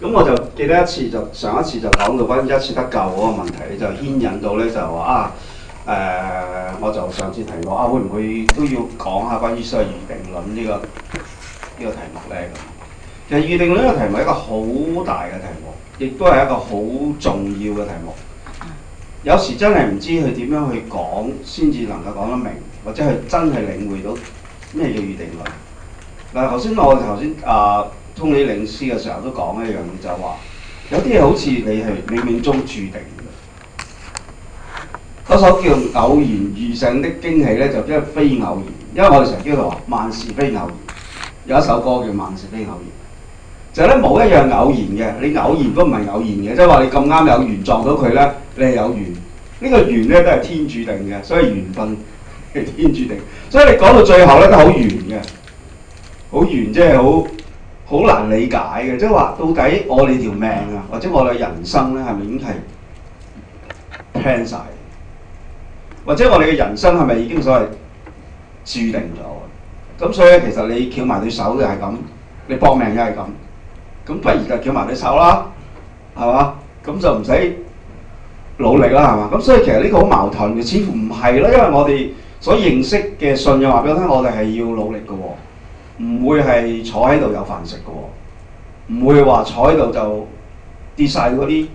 咁、嗯、我就記得一次就上一次就講到關於一次得救嗰個問題，就牽引到咧就話啊，誒、呃，我就上次提過啊，會唔會都要講下關於所謂預定論呢、呢個呢、呢個題目咧？其實預定論嘅題目係一個好大嘅題目，亦都係一個好重要嘅題目。有時真係唔知佢點樣去講，先至能夠講得明，或者係真係領會到咩叫預定論。嗱，頭先我頭先啊～通理領師嘅時候都講一樣嘢，就係話有啲嘢好似你係你命中注定嘅。嗰首叫偶然遇上的驚喜咧，就即係非偶然。因為我哋成日叫佢話萬事非偶然，有一首歌叫萬事非偶然，就咧冇一樣偶然嘅。你偶然都唔係偶然嘅，即係話你咁啱有緣撞到佢咧，你係有緣。呢個緣咧都係天注定嘅，所以緣分係天注定。所以你講到最後咧都好圓嘅，好圓即係好。好難理解嘅，即係話到底我哋條命啊，或者我哋人生咧，係咪已經係 plan 曬？或者我哋嘅人生係咪已經所謂注定咗？咁所以其實你翹埋對手又係咁，你搏命又係咁，咁不如就翹埋對手啦，係嘛？咁就唔使努力啦，係嘛？咁所以其實呢個好矛盾嘅，似乎唔係啦，因為我哋所認識嘅信仰話俾我聽，我哋係要努力嘅喎、哦。唔會係坐喺度有飯食嘅，唔會話坐喺度就跌晒嗰啲，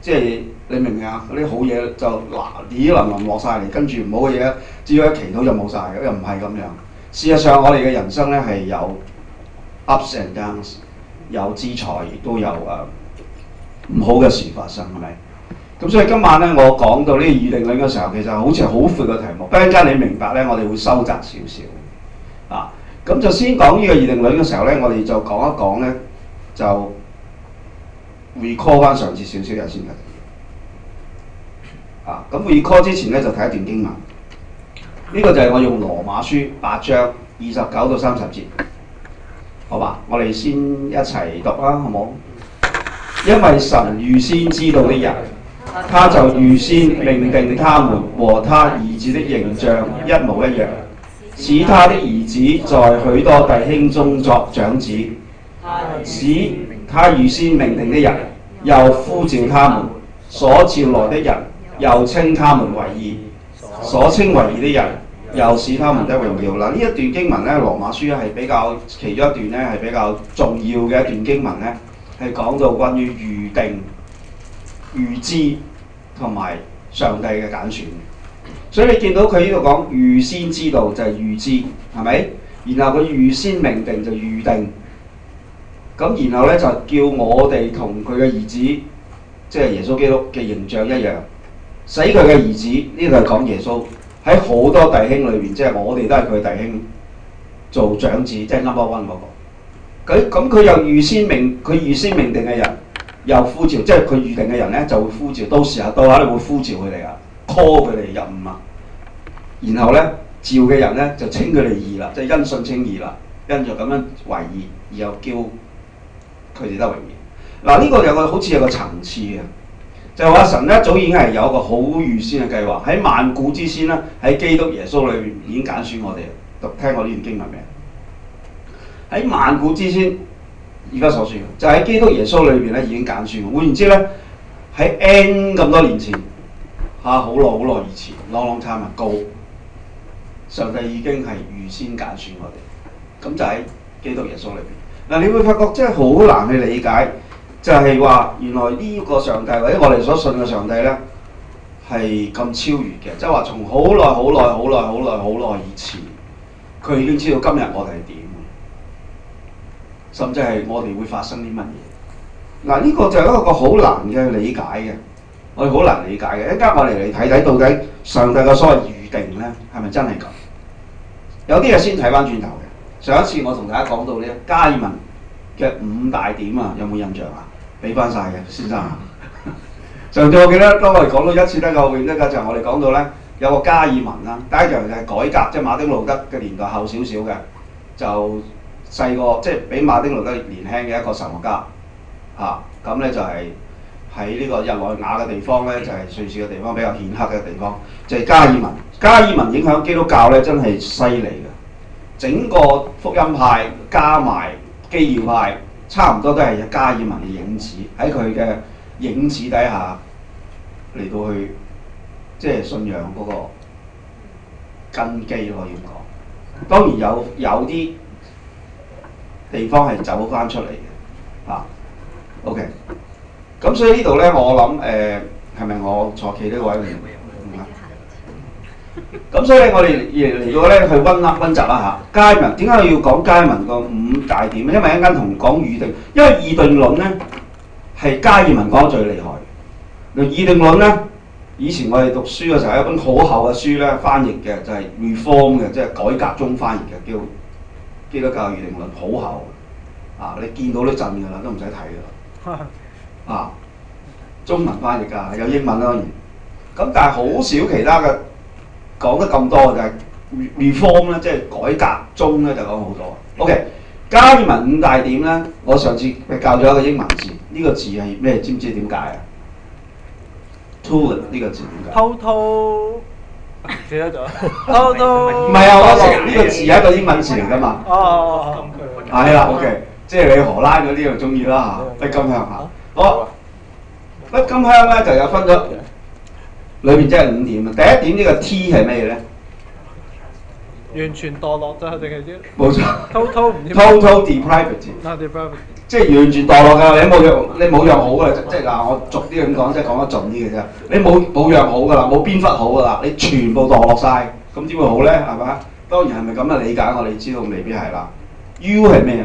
即係你明唔明啊？嗰啲好嘢就嗱雨淋淋落晒嚟，跟住唔好嘅嘢只要一祈禱就冇晒嘅，又唔係咁樣。事實上我哋嘅人生咧係有 Ups and Downs，有資財亦都有誒唔好嘅事發生，係咪？咁所以今晚咧我講到呢個預定論嘅時候，其實好似係好闊嘅題目，忽然間你明白咧，我哋會收窄少少。咁就先講呢個預定論嘅時候咧，我哋就講一講咧，就 recall 翻上次少少嘢先啦。啊，咁 recall 之前咧就睇一段經文，呢個就係我用羅馬書八章二十九到三十節，好吧，我哋先一齊讀啦，好冇？因為神預先知道的人，他就預先命定他們和他兒子的形象一模一樣。使他的兒子在許多弟兄中作長子，使他預先命定的人又呼召他們，所召來的人又稱他們為義，所稱為義的人又使他們得榮耀。嗱，呢一段經文咧，《羅馬書》係比較其中一段咧係比較重要嘅一段經文咧，係講到關於預定、預知同埋上帝嘅揀選。所以你見到佢呢度講預先知道就係、是、預知，係咪？然後佢預先命定就預定，咁、就是、然後咧就叫我哋同佢嘅兒子，即、就、係、是、耶穌基督嘅形象一樣，使佢嘅兒子，呢度係講耶穌喺好多弟兄裏邊，即、就、係、是、我哋都係佢弟兄，做長子，即、就、係、是、number one 嗰、那個。咁咁佢又預先命，佢預先命定嘅人又呼召，即係佢預定嘅人咧就會呼召，到時候、啊、到下、啊，你、啊、會呼召佢哋啊。拖佢哋入五萬，然後咧，召嘅人咧就稱佢哋義啦，即係因信稱義啦，因就咁樣為義，而又叫佢哋得榮耀。嗱、啊、呢、呢個有個好似有個層次嘅，就話神咧早已經係有一個好預先嘅計劃，喺萬古之先啦，喺基督耶穌裏邊已經揀選我哋，讀聽過呢段經文未？喺萬古之先，而家所算就喺基督耶穌裏邊咧已經揀選我。換言之咧，喺 N 咁多年前。嚇！好耐好耐以前，Long long time ago，上帝已經係預先揀選我哋，咁就喺基督耶穌裏邊。嗱、啊，你會發覺即係好難去理解，就係、是、話原來呢個上帝或者我哋所信嘅上帝咧，係咁超越嘅，即係話從好耐好耐好耐好耐好耐以前，佢已經知道今日我哋係點，甚至係我哋會發生啲乜嘢。嗱、啊，呢、這個就係一個好難嘅理解嘅。我哋好難理解嘅，一陣間我哋嚟睇睇，到底上帝嘅所謂預定咧，係咪真係咁？有啲嘢先睇翻轉頭嘅。上一次我同大家講到呢，加爾文嘅五大點啊，有冇印象啊？俾翻晒嘅，先生。 上次我記得當我哋講到一次到呢咧嘅，呢個就係我哋講到咧有個加爾文啦，第一樣就係改革，即係馬丁路德嘅年代後少少嘅，就細個即係比馬丁路德年輕嘅一個神學家，嚇咁咧就係、是。喺呢個日內瓦嘅地方咧，就係瑞士嘅地方比較顯赫嘅地方，就係加爾文。加爾文影響基督教咧，真係犀利嘅。整個福音派加埋基要派，差唔多都係加爾文嘅影子。喺佢嘅影子底下嚟到去，即係信仰嗰個根基可以咁講。當然有有啲地方係走翻出嚟嘅啊。OK。咁所以呢度咧，我諗誒係咪我坐企呢位唔？唔係。咁所以咧，我哋要如果咧去溫啦，溫習一下加爾文。點解要講加爾文個五大點？因為一陣間同講預定，因為預定論咧係加爾文講得最厲害。預定論咧，以前我哋讀書嘅時候有一本好厚嘅書咧，翻譯嘅就係「Reform」嘅，即係改革中翻譯嘅，叫基督教預定論，好厚啊！你見到都震噶啦，都唔使睇噶啦。 啊，中文翻譯㗎，有英文啦當然。咁但係好少其他嘅講得咁多嘅就係 reform 咧，即係改革中咧就講好多。OK，加爾文五大點咧，我上次教咗一個英文字，呢個字係咩？知唔知點解啊？Tul，呢個字點解？偷偷記得到？偷唔係啊！我呢個字係一個英文字嚟㗎嘛。哦哦哦。係啦，OK，即係你荷蘭嗰啲就中意啦嚇，鬱金香下。好，鬱金香咧就有分咗，裏面即係五點啊。第一點呢個 T 係咩咧？完全墮落就係定係啲，冇錯，Total depravity 即係完全墮落㗎。你冇樣你冇樣好㗎，即係嗱，我逐啲咁講，即係講得盡啲嘅啫。你冇冇樣好㗎啦，冇邊忽好㗎啦，你全部墮落晒。咁點會好咧？係嘛？當然係咪咁樣理解？我哋知道未必係啦。U 係咩啊？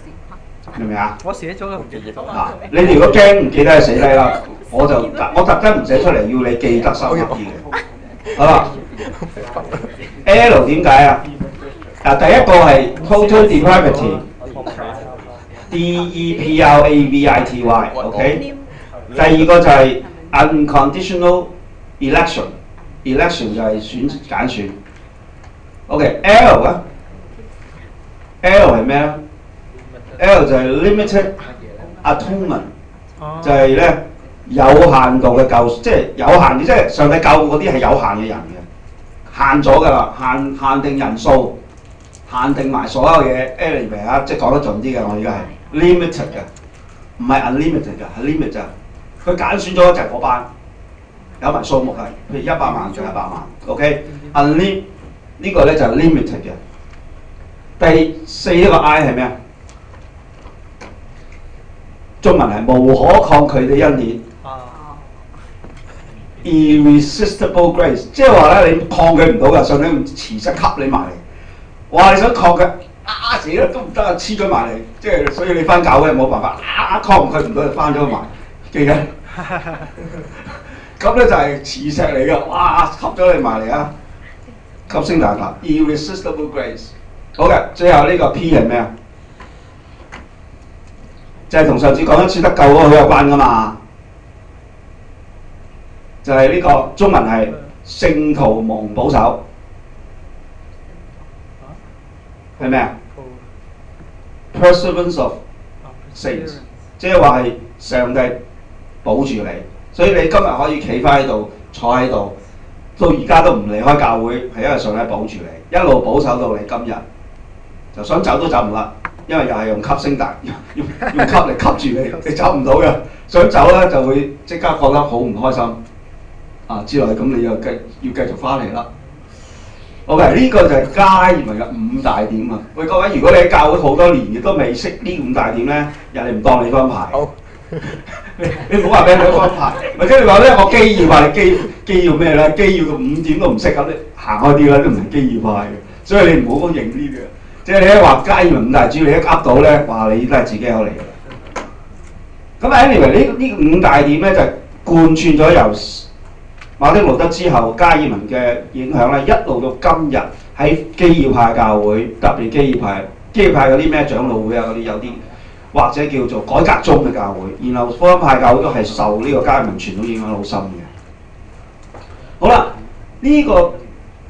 明唔明啊？我寫咗啦，嗱，你哋如果驚唔記得就死低啦！我就特我特登唔寫出嚟，要你記得深刻啲嘅。好啦，L 點解啊？嗱，第一個係 total depravity，depravity，OK？第二個就係 unconditional election，election 就係選揀選。OK，L 啊，L 係咩咧？L 就係 limited，atonement 就係咧有限度嘅救，即係有限嘅，即係上帝救嗰啲係有限嘅人嘅，限咗㗎喇，限限定人數，限定埋所有嘢。eliminate 即係講得準啲嘅，我而家係 limited 嘅，唔係 unlimited 嘅，係 limited。佢揀選咗就係嗰班，有埋數目嘅，譬如一百萬就一百萬。OK，unlim、okay? 呢個咧就係 limited 嘅。第四個 I 係咩啊？中文係無可抗拒嘅恩典，啊，irresistible grace，即係話咧，你抗拒唔到嘅，上帝用磁石吸你埋嚟。哇！你想抗拒啊？死啦，都唔得啊！黐咗埋嚟，即係所以你翻搞嘅冇辦法，啊抗拒唔到就翻咗埋，記緊。咁 咧就係磁石嚟嘅，哇！吸咗你埋嚟啊！吸星大法 irresistible grace。好嘅，最後呢個 P 係咩啊？即係同上次講一次得救嗰個有關噶嘛？就係、是、呢、這個中文係聖對徒蒙保守，係咩啊 Perseverance of Saints、ah，即係話係上帝保住你，所以你今日可以企翻喺度、坐喺度，到而家都唔離開教會，係因為上帝保住你，一路保守到你今日，就想走都走唔甩。因為又係用吸星大，用用吸力吸住你，你走唔到嘅。想走咧就會即刻覺得好唔開心。啊，之類咁你又繼要繼續翻嚟啦。OK，呢個就係基要派五大點啊！喂，各位，如果你教咗好多年，亦都未識呢五大點咧，人哋唔當你翻牌。好、oh. 你唔好話咩人哋翻牌，或者 你話咧我基要派基基要咩咧？基要到五點都唔識咁，你行開啲啦，都唔係基要派嘅。所以你唔好認呢啲。即係你一話加爾文五大主要你一噏到咧，話你都係自己有嚟嘅。咁 anyway 呢呢五大點咧就貫穿咗由馬丁路德之後加爾文嘅影響咧，一路到今日喺基要派教會，特別基要派、基要派嗰啲咩長老會啊嗰啲，些有啲或者叫做改革宗嘅教會，然後福音派教會都係受呢個加爾文傳統影響好深嘅。好啦，呢個。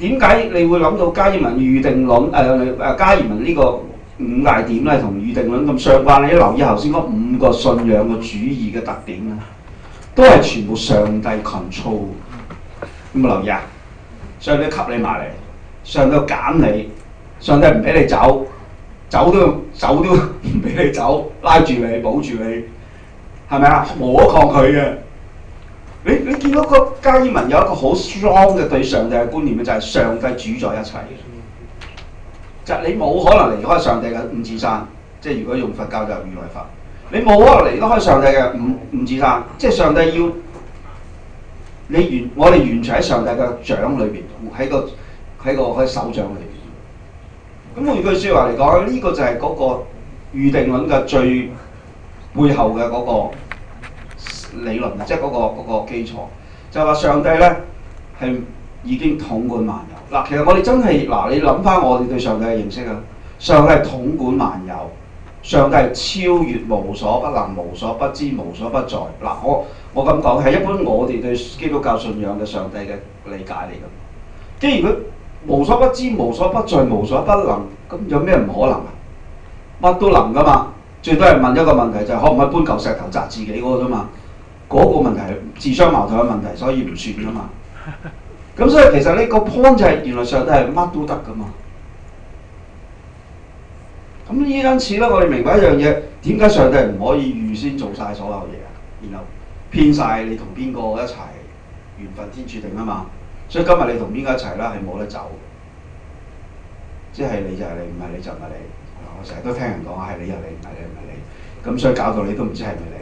點解你會諗到加爾文預定論？誒、呃、誒，加爾文呢個五大點咧，同預定論咁相關。你留意下先，嗰五個信仰嘅主義嘅特點啊，都係全部上帝 control。有冇留意啊？上帝吸你埋嚟，上帝揀你，上帝唔俾你走，走都走都唔俾你走，拉住你，保住你，係咪啊？我抗拒嘅。你你見到個加爾文有一個好 strong 嘅對上帝嘅觀念咧，就係上帝主宰一切，就係你冇可能離開上帝嘅五指山。即係如果用佛教就如來佛，你冇可能離開上帝嘅五五指山。即係上帝要你完，我哋完全喺上帝嘅掌裏邊，喺個喺個喺手掌裏邊。咁換句説話嚟講，呢個就係嗰個預定論嘅最背後嘅嗰個。理論即係嗰個基礎，就係話上帝呢係已經統管萬有。嗱，其實我哋真係嗱，你諗翻我哋對上帝嘅認識啊，上帝係上帝統管萬有，上帝係超越無所不能、無所不知、無所不在。嗱，我我咁講係一般我哋對基督教信仰嘅上帝嘅理解嚟㗎。即係如果無所不知、無所不在、無所不能，咁有咩唔可能啊？乜都能㗎嘛，最多係問一個問題就係可唔可以搬嚿石頭砸自己嗰個啫嘛？嗰個問題，係自相矛盾嘅問題，所以唔算噶嘛。咁所以其實呢個 point 就係原來上帝係乜都得噶嘛。咁依因此咧，我哋明白一樣嘢，點解上帝唔可以預先做晒所有嘢，然後騙晒你同邊個一齊？緣分天注定啊嘛。所以今日你同邊個一齊啦，係冇得走。即係你就係你，唔係你就唔係你。我成日都聽人講係你又你，唔係你唔係你。咁所以搞到你都唔知係咪你。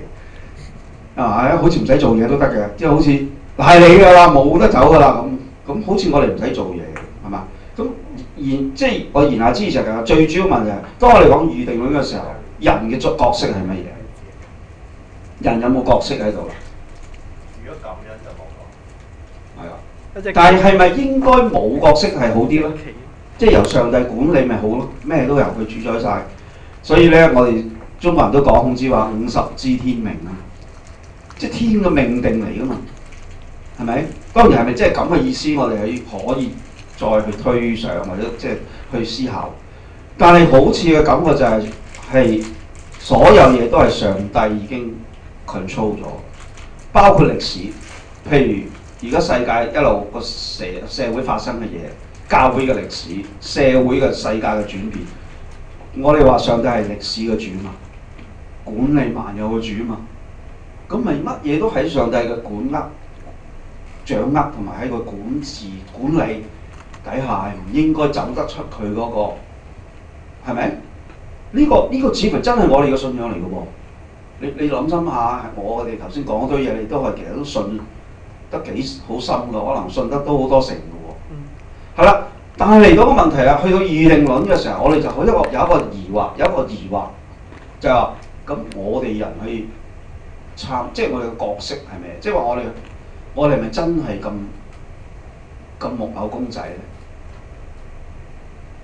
啊！係啊，好似唔使做嘢都得嘅，即係好似係你㗎啦，冇得走㗎啦咁。咁好似我哋唔使做嘢，係嘛？咁然即係我言下之意就係，最主要問題就係當我哋講預定論嘅時候，人嘅作角色係乜嘢？人有冇角色喺度？如果咁樣就冇講。係啊，但係係咪應該冇角色係好啲咧？即係由上帝管理咪好咧，咩都由佢主宰晒。所以咧，我哋中國人都講孔子話五十知天命啊。即係天嘅命定嚟㗎嘛，係咪？當然係咪即係咁嘅意思？我哋可以再去推上或者即係去思考。但係好似嘅感覺就係、係、係所有嘢都係上帝已經 control 咗，包括歷史。譬如而家世界一路個社社會發生嘅嘢，教會嘅歷史，社會嘅世界嘅轉變。我哋話上帝係歷史嘅主啊嘛，管理萬有嘅主啊嘛。咁咪乜嘢都喺上帝嘅管握、掌握同埋喺個管治、管理底下，唔應該走得出佢嗰、那個，係咪？呢、這個呢、這個似乎真係我哋嘅信仰嚟嘅噃。你你諗深下，我哋頭先講咗堆嘢，你都係其實都信得幾好深嘅，可能信得都好多成嘅喎。係啦、嗯，但係嚟到個問題係，去到預定論嘅時候，我哋就有一個有一個疑惑，有一個疑惑就係、是、話：咁我哋人去。即係我哋嘅角色係咩？即係話我哋，我哋係咪真係咁咁木偶公仔咧？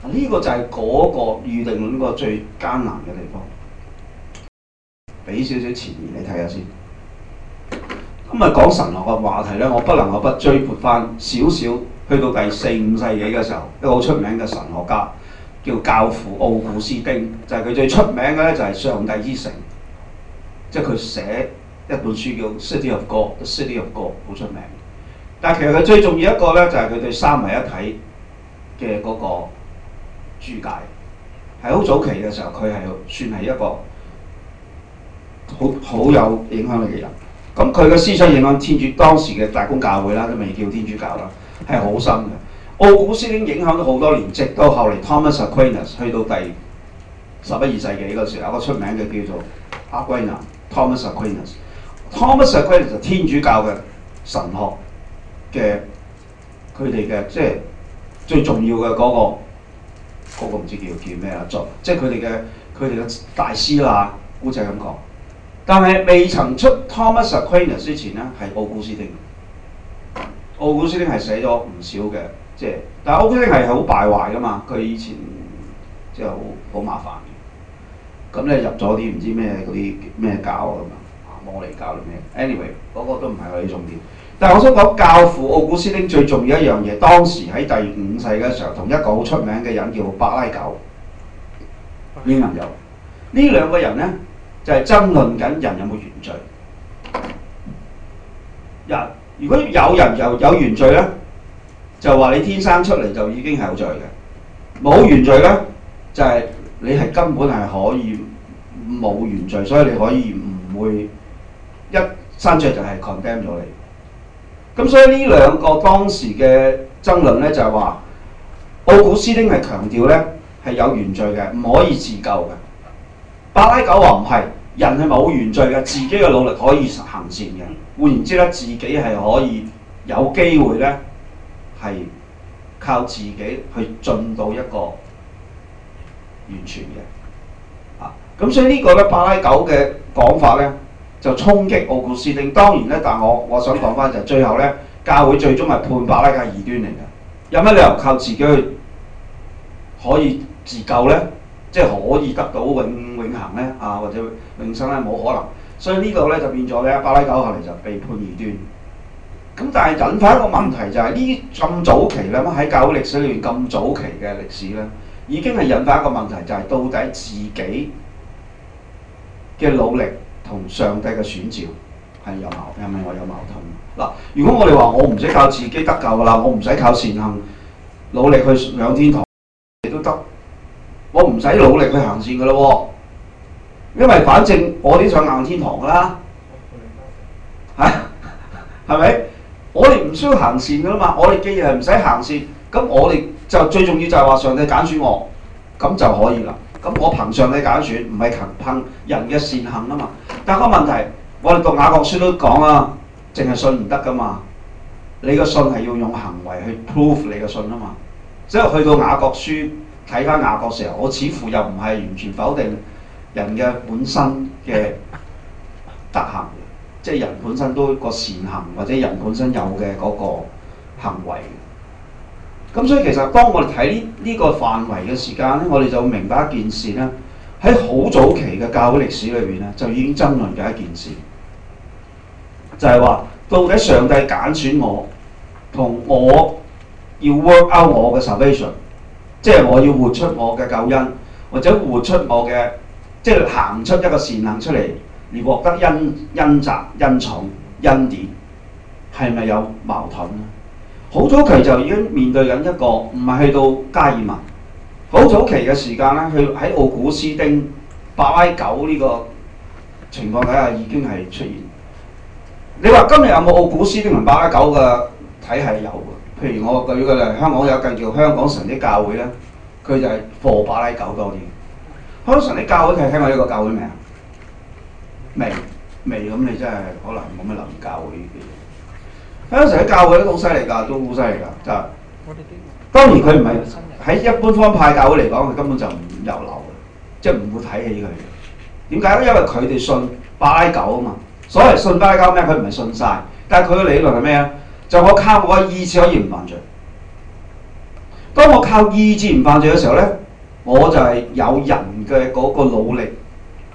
呢、這個就係嗰個預定論呢個最艱難嘅地方。俾少少前言你睇下先。咁啊，講神學嘅話題咧，我不能夠不追撥翻少少。去到第四五世紀嘅時候，一個好出名嘅神學家叫教父奧古斯丁，就係、是、佢最出名嘅咧，就係上帝之城，即係佢寫。一本書叫《City of God》，《City of God》好出名。但其實佢最重要一個咧，就係佢對三位一體嘅嗰個註解，係好早期嘅時候，佢係算係一個好好有影響嘅人。咁佢嘅思想影響天主當時嘅大公教會啦，都未叫天主教啦，係好深嘅。奧古斯丁影響咗好多年，直到後嚟 Thomas Aquinas 去到第十一、二世紀嗰時候，有一個出名嘅叫做 Aquinas，Thomas Aquinas。Thomas Aquinas 就天主教嘅神學嘅佢哋嘅，即係最重要嘅嗰個嗰個唔知叫叫咩啦，作，即係佢哋嘅佢哋嘅大師啦，好似係咁講。但係未曾出 Thomas Aquinas 之前咧，係奧古斯丁。奧古斯丁係寫咗唔少嘅，即係但奧古斯丁係好敗壞噶嘛，佢以前即係好好麻煩。咁咧入咗啲唔知咩嗰啲咩教啊咁啊～我嚟教你咩？Anyway，嗰個都唔係我哋重點。但係我想講教父奧古斯丁最重要一樣嘢，當時喺第五世嘅時候，同一個好出名嘅人叫伯拉糾。呢、嗯、個人呢，呢兩個人咧就係、是、爭論緊人有冇原罪。人、yeah, 如果有人有有原罪咧，就話你天生出嚟就已經係有罪嘅；冇原罪咧，就係、是、你係根本係可以冇原罪，所以你可以唔會。山雀就係 condemn 咗你。咁所以呢兩個當時嘅爭論咧，就係話奧古斯丁係強調咧係有原罪嘅，唔可以自救嘅。巴拉狗話唔係，人係冇原罪嘅，自己嘅努力可以行善嘅。換言之咧，自己係可以有機會咧係靠自己去進到一個完全嘅。啊，咁所以呢個咧巴拉狗嘅講法咧。就衝擊奧古斯丁，當然咧。但係我我想講翻就係、是、最後咧，教會最終係判巴拉加異端嚟嘅。有乜理由靠自己去可以自救咧？即係可以得到永永恆咧？啊，或者永生咧？冇可能。所以呢度咧就變咗咧，巴拉教後嚟就被判異端。咁但係引發一個問題就係呢，咁早期咧，喺教會歷史裏邊咁早期嘅歷史咧，已經係引發一個問題就係、是、到底自己嘅努力，同上帝嘅選召係有矛盾，係咪我有矛盾？嗱，如果我哋話我唔使靠自己得救噶啦，我唔使靠善行努力去上天堂都得，我唔使努力去行善噶啦喎，因為反正我啲上硬天堂噶啦，嚇，係咪？我哋唔需要行善噶啦嘛，我哋既然係唔使行善，咁我哋就最重要就係話上帝揀選我，咁就可以啦。咁我憑上帝揀選，唔係憑憑人嘅善行啊嘛。但個問題，我哋讀雅各書都講啊，淨係信唔得噶嘛。你個信係要用行為去 prove 你嘅信啊嘛。所以去到雅各書睇翻雅各嘅時候，我似乎又唔係完全否定人嘅本身嘅德行，即係人本身都個善行或者人本身有嘅嗰個行為。咁所以其實當我哋睇呢呢個範圍嘅時間咧，我哋就明白一件事咧。喺好早期嘅教會歷史裏邊咧，就已經爭論緊一件事，就係話到底上帝揀選我，同我要 work out 我嘅 salvation，即係我要活出我嘅救恩，或者活出我嘅，即係行出一個善行出嚟，而獲得恩恩澤、恩寵、恩典，係咪有矛盾咧？好早期就已經面對緊一個，唔係去到加爾文。好早期嘅時間咧，佢喺奧古斯丁、巴拉九呢個情況底下已經係出現。你話今日有冇奧古斯丁同巴拉九嘅體系有？譬如我舉嘅咧，香港有間叫香港神的教會咧，佢就係課巴拉九多啲。香港神的教會係聽過呢個教會名？未？未？咁你真係可能冇乜留意教會呢啲嘢。香港神的教會都好犀利㗎，都好犀利㗎，就係。我哋當年佢唔係。喺一般方派教會嚟講，佢根本就唔入流嘅，即係唔會睇起佢。點解咧？因為佢哋信伯拉糾啊嘛。嗯、所謂信伯拉糾咩？佢唔係信晒，但係佢嘅理論係咩咧？就我靠我意志可以唔犯罪。當我靠意志唔犯罪嘅時候咧，我就係有人嘅嗰個努力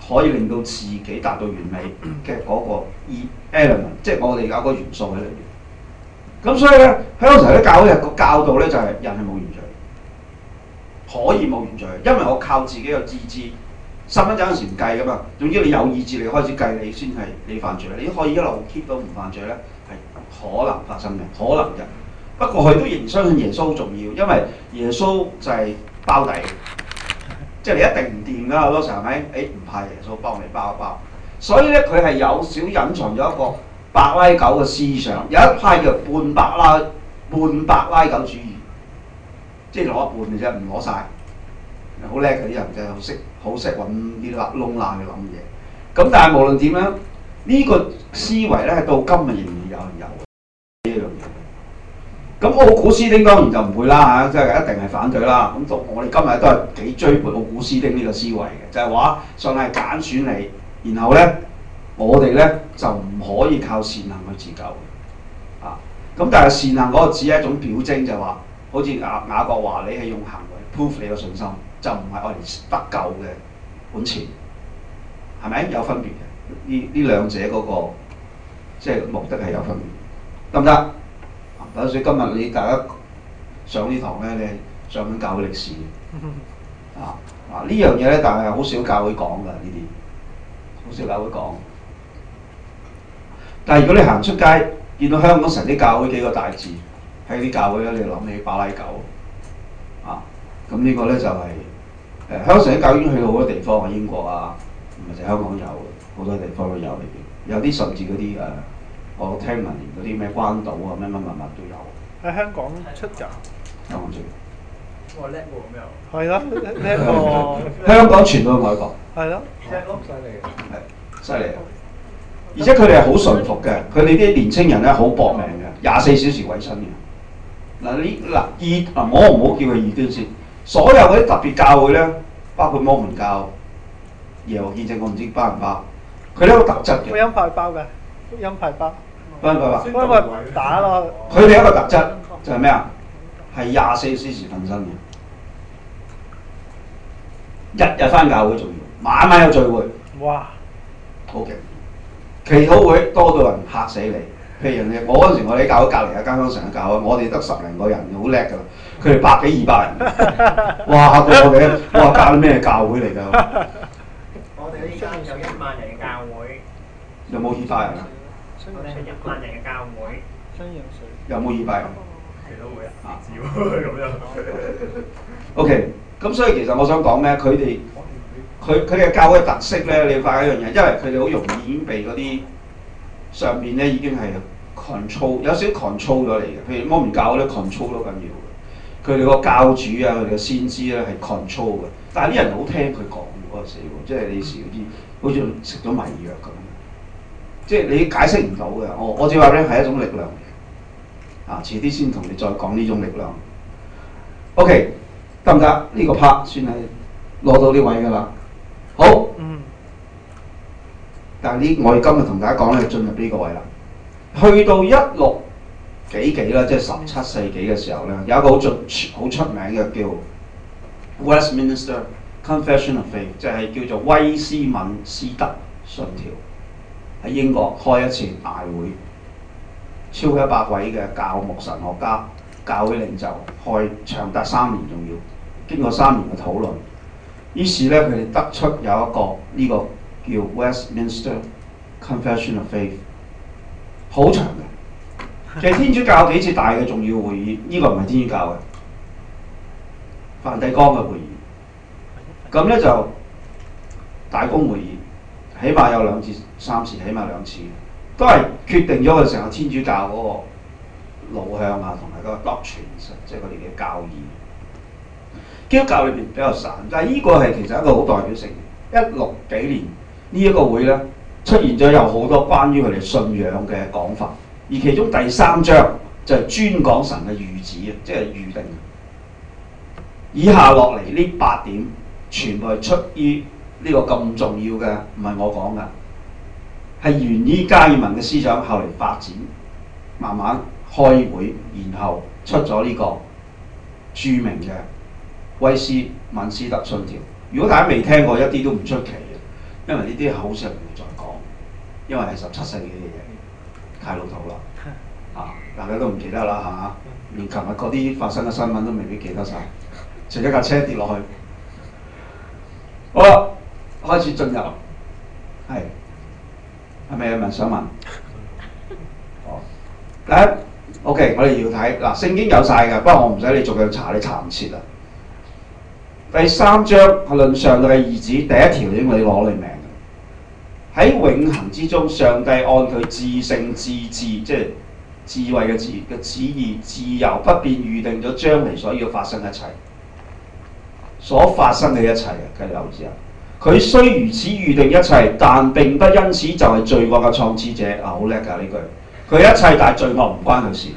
可以令到自己達到完美嘅嗰個 e element，即係我哋有個元素喺裏邊。咁所以咧，喺港頭啲教會嘅、嗰個教導咧，就係人係冇原罪。可以冇犯罪，因為我靠自己嘅意志。十蚊仔嗰陣時唔計㗎嘛，總之你有意志，你開始計你先係你犯罪。你可以一路 keep 到唔犯罪咧，係可能發生嘅，可能嘅。不過佢都仍相信耶穌好重要，因為耶穌就係包底，即係你一定唔掂㗎啦，好多時候係咪？誒，唔怕耶穌幫你包一包，所以咧佢係有少隱藏咗一個伯拉狗嘅思想，有一派叫半伯拉半伯拉狗主義。即係攞一半嘅啫，唔攞晒。好叻嘅啲人就係好識，好識揾啲罅窿爛去諗嘢。咁但係無論點樣，呢、這個思維咧到今日仍然有，有人有呢一樣嘢。咁奧古斯丁當然就唔會啦嚇，即係一定係反對啦。咁我我哋今日都係幾追捧奧古斯丁呢個思維嘅，就係話上帝揀選你，然後咧我哋咧就唔可以靠善行去自救。啊，咁但係善行嗰個只係一種表徵，就係、是、話。好似亞亞國話：你係用行為 prove 你個信心，就唔係愛嚟得救嘅本錢，係咪有分別嘅？呢呢兩者嗰、那個即係、就是、目的係有分別，得唔得？所以，今日你大家上堂呢堂咧，你上緊教會歷史啊，嗱、啊啊、呢樣嘢咧，但係好少教會講噶呢啲，好少教會講。但係如果你行出街，見到香港成啲教會幾個大字。喺啲教會咧，你諗起巴拉狗啊？咁呢個咧就係、是、誒、呃，香港啲教員去到好多地方啊，英國啊，同埋就香港有好多地方都有，裏邊有啲甚至嗰啲誒，我聽聞連嗰啲咩關島啊，乜乜乜物都有喺香港出遊。我唔知。我叻喎咁又。係咯，叻喎。香港全到外國。係咯的。叻到犀利嘅。犀利。而且佢哋係好順服嘅，佢哋啲年青人咧好搏命嘅，廿四小時維生嘅。嗱你嗱預嗱我唔好叫佢異端先。所有嗰啲特別教會咧，包括摩門教、耶和華見證，我唔知包唔包。佢呢有特質嘅。福音派包㗎，福音派包。福音派話。福音派打咯。佢哋一個特質就係咩啊？係廿四小時瞓身嘅，日日翻教會做嘢，晚晚有聚會。哇！好勁，okay，祈禱會多到人嚇死你。譬如人哋，我嗰陣時我喺教會隔離一間香城嘅教會，我哋得十零個人，好叻㗎啦。佢哋百幾二百人， 哇嚇過我哋啊！哇，教啲咩教會嚟㗎？我哋呢間有一萬人嘅教會。有冇二百人啊？我哋一萬人嘅教會，有冇二百人？基督徒啊，咁樣。O K，咁所以其實我想講咩？佢哋佢佢哋嘅教會嘅特色咧，你要發覺一樣嘢，因為佢哋好容易已經被嗰啲。上邊咧已經係 control，有少少 control 咗嚟嘅。譬如摩門教咧 control 都緊要嘅，佢哋個教主啊，佢哋嘅先知咧係 control 嘅。但係啲人好聽佢講喎，死喎！即係你少啲，好似食咗迷藥咁。即係你解釋唔到嘅。我我只話咧係一種力量嚟嘅。啊，遲啲先同你再講呢種力量。OK，得唔得？呢個 part 算係攞到呢位㗎啦。好。但係呢，我哋今日同大家講咧，進入呢個位啦？去到一六幾幾啦，即係十七世紀嘅時候咧，有一個好出好出名嘅叫 Westminster Confession of Faith，即係叫做威斯敏斯特信條，喺英國開一次大會，超過一百位嘅教牧神學家、教會領袖開，長達三年仲要，經過三年嘅討論，於是咧佢哋得出有一個呢個。叫 Westminster Confession of Faith，好長嘅，其實天主教有幾次大嘅重要會議，呢、這個唔係天主教嘅，梵蒂岡嘅會議，咁咧就大公會議，起碼有兩次、三次，起碼兩次，都係決定咗佢成個天主教嗰個路向啊，同埋嗰個 doctrine 即係佢哋嘅教義。基督教裏邊比較散，但係呢個係其實一個好代表性嘅，一六幾年。呢一個會咧出現咗有好多關於佢哋信仰嘅講法，而其中第三章就係專講神嘅預旨，即係預定。以下落嚟呢八點全部係出於呢個咁重要嘅，唔係我講噶，係源自加爾文嘅思想後嚟發展，慢慢開會，然後出咗呢個著名嘅威斯敏斯特信條。如果大家未聽過，一啲都唔出奇。因為呢啲口上唔會再講，因為係十七世紀嘅嘢，太老土啦。啊，大家都唔記得啦嚇、啊，連琴日嗰啲發生嘅新聞都未必記得晒。除咗架車跌落去。好啦，開始進入，係係咪有問想問？好，第一 OK，我哋要睇嗱，聖、啊、經有晒嘅，不過我唔使你仲要查，你查唔切啊。第三章係論上帝嘅兒子，第一條已經你攞你明。喺永恒之中，上帝按佢自性、自智，即係智慧嘅智嘅旨意、自由不變預定咗將嚟所要發生一切，所發生嘅一切嘅留意啊！佢雖如此預定一切，但並不因此就係罪惡嘅創始者啊！好叻㗎呢句，佢一切但係罪惡唔關佢事，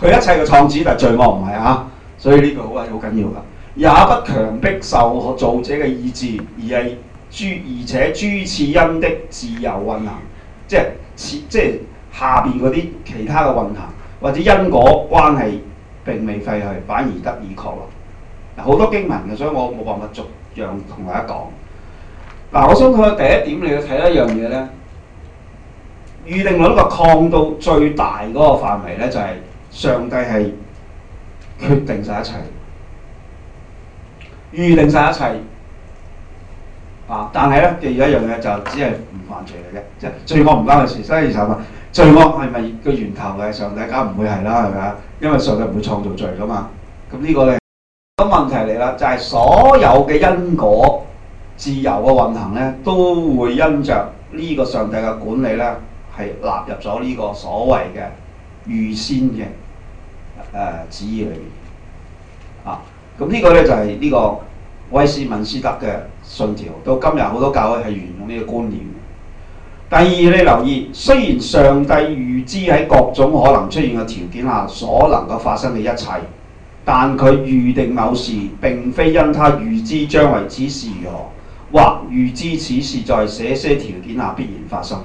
佢一切嘅創始但係罪惡唔係啊！所以呢句好係好緊要㗎，也不強迫受造者嘅意志，而係。諸而且諸次因的自由運行，嗯、即係即係下邊嗰啲其他嘅運行，或者因果關係並未廢去，反而得以確立。嗱好多經文嘅，所以我冇辦法逐樣同大家講。嗱，我想佢嘅第一點你要睇一樣嘢咧，預定論個擴到最大嗰個範圍咧，就係上帝係決定晒一切，預定晒一切。啊！但係咧，第有一樣嘢就只係唔犯罪嚟嘅，即係罪惡唔關佢事。所以就話罪惡係咪個源頭嘅上帝梗唔會係啦，係咪啊？因為上帝唔會創造罪噶嘛。咁呢個咧，咁問題嚟啦，就係、是、所有嘅因果自由嘅運行咧，都會因着呢個上帝嘅管理咧，係納入咗呢個所謂嘅預先嘅誒、呃、旨意裏面。啊！咁呢個咧就係、是、呢個威斯敏斯特嘅。信條到今日好多教會係沿用呢個觀念。第二，你留意，雖然上帝預知喺各種可能出現嘅條件下所能夠發生嘅一切，但佢預定某事並非因他預知將來此事如何，或預知此事在某些條件下必然發生。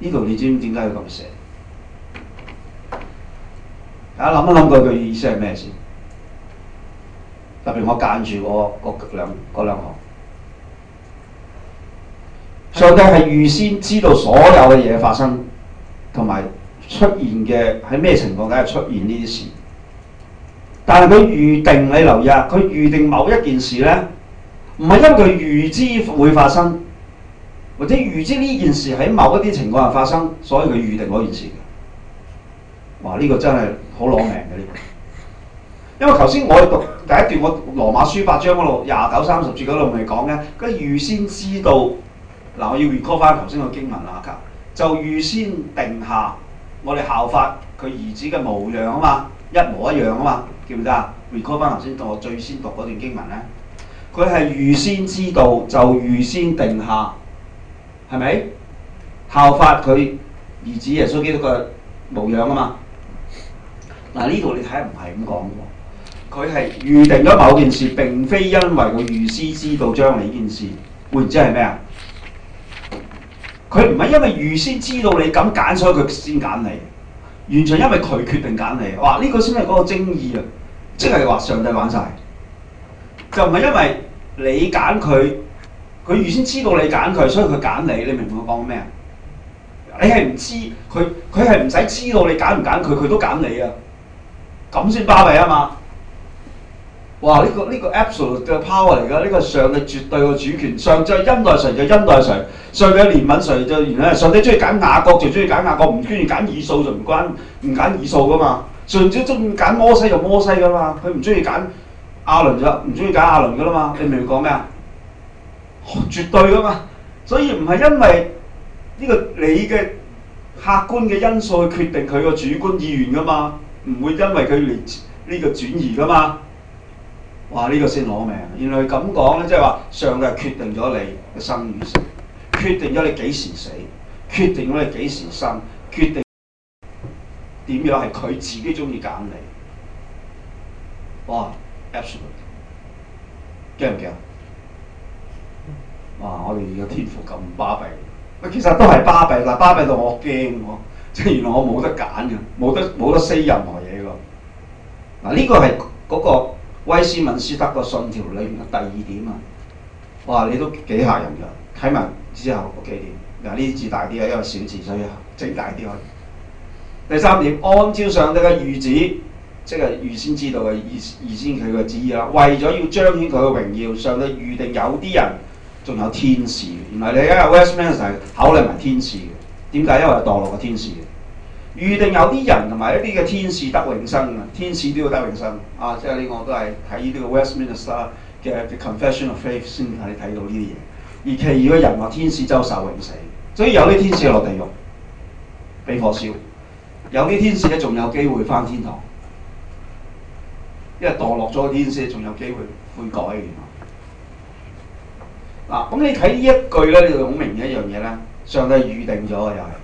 呢度你知唔知點解佢咁寫？大家諗一諗佢嘅意思係咩先？特別我間住嗰嗰嗰兩行。上帝係預先知道所有嘅嘢發生，同埋出現嘅喺咩情況底下出現呢啲事。但係佢預定，你留意下，佢預定某一件事咧，唔係因為佢預知會發生，或者預知呢件事喺某一啲情況下發生，所以佢預定嗰件事嘅。哇！呢個真係好攞命嘅呢個。因為頭先我讀第一段，我羅馬書八章嗰度廿九三十節嗰度咪講嘅，佢預先知道。嗱，我要 recall 翻頭先個經文啦，就預先定下我哋效法佢兒子嘅模樣啊嘛，一模一樣啊嘛，記唔記得啊？recall 翻頭先到我最先讀嗰段經文咧，佢係預先知道就預先定下，係咪效法佢兒子耶穌基督嘅模樣啊嘛？嗱，呢度你睇唔係咁講喎，佢係預定咗某件事，並非因為我預先知道將嚟件事，唔知係咩啊？佢唔係因為預先知道你咁揀，所以佢先揀你，完全因為佢決定揀你。哇！呢、這個先係嗰個精義啊，即係話上帝玩晒，就唔係因為你揀佢，佢預先知道你揀佢，所以佢揀你。你明唔明我講咩啊？你係唔知佢，佢係唔使知道你揀唔揀佢，佢都揀你啊！咁先巴閉啊嘛～哇！呢、這個呢、這個 absolute 嘅 power 嚟㗎，呢、這個上帝絕對嘅主權，上帝就恩待誰就恩待誰，上帝嘅憐憫誰就原上帝中意揀雅各就中意揀雅各，唔中意揀以掃就唔關唔揀以掃㗎嘛。上帝中意揀摩西就摩西㗎嘛，佢唔中意揀亞倫就唔中意揀亞倫㗎啦嘛。你明唔明講咩啊？絕對㗎嘛，所以唔係因為呢個你嘅客觀嘅因素去決定佢個主觀意願㗎嘛，唔會因為佢嚟呢個轉移㗎嘛。哇！呢、這個先攞命，原來咁講咧，即係話上帝決定咗你嘅生與死，決定咗你幾時死，決定咗你幾時生，決定點樣係佢自己中意揀你。哇！Absolute 驚唔驚？哇！我哋嘅天父咁巴閉，其實都係巴閉嗱，巴閉到我驚我，即係原來我冇得揀嘅，冇得冇得 say 任何嘢㗎。嗱、這、呢個係嗰、那個。威斯敏斯特個信條裏面嘅第二點啊，哇，你都幾嚇人㗎！睇埋之後嗰幾點，嗱，呢字大啲啊，因為小字所以整大啲可以。第三點，按照上帝嘅預旨，即係預先知道嘅預，預先佢嘅旨意啦。為咗要彰顯佢嘅榮耀，上帝預定有啲人仲有天使。原來你喺 Westminster 考慮埋天使嘅，點解？因為墮落嘅天使。預定有啲人同埋一啲嘅天使得永生啊！天使都要得永生啊！即係呢個都係睇呢個 Westminster 嘅 Confession of Faith 先係睇到呢啲嘢。而其餘嘅人或天使周受永死，所以有啲天使落地獄，被火燒；有啲天使咧仲有機會返天堂，因為墮落咗嘅天使仲有機會悔改原來啊！嗱，咁你睇呢一句咧，你就好明嘅一樣嘢咧，上帝預定咗嘅又係。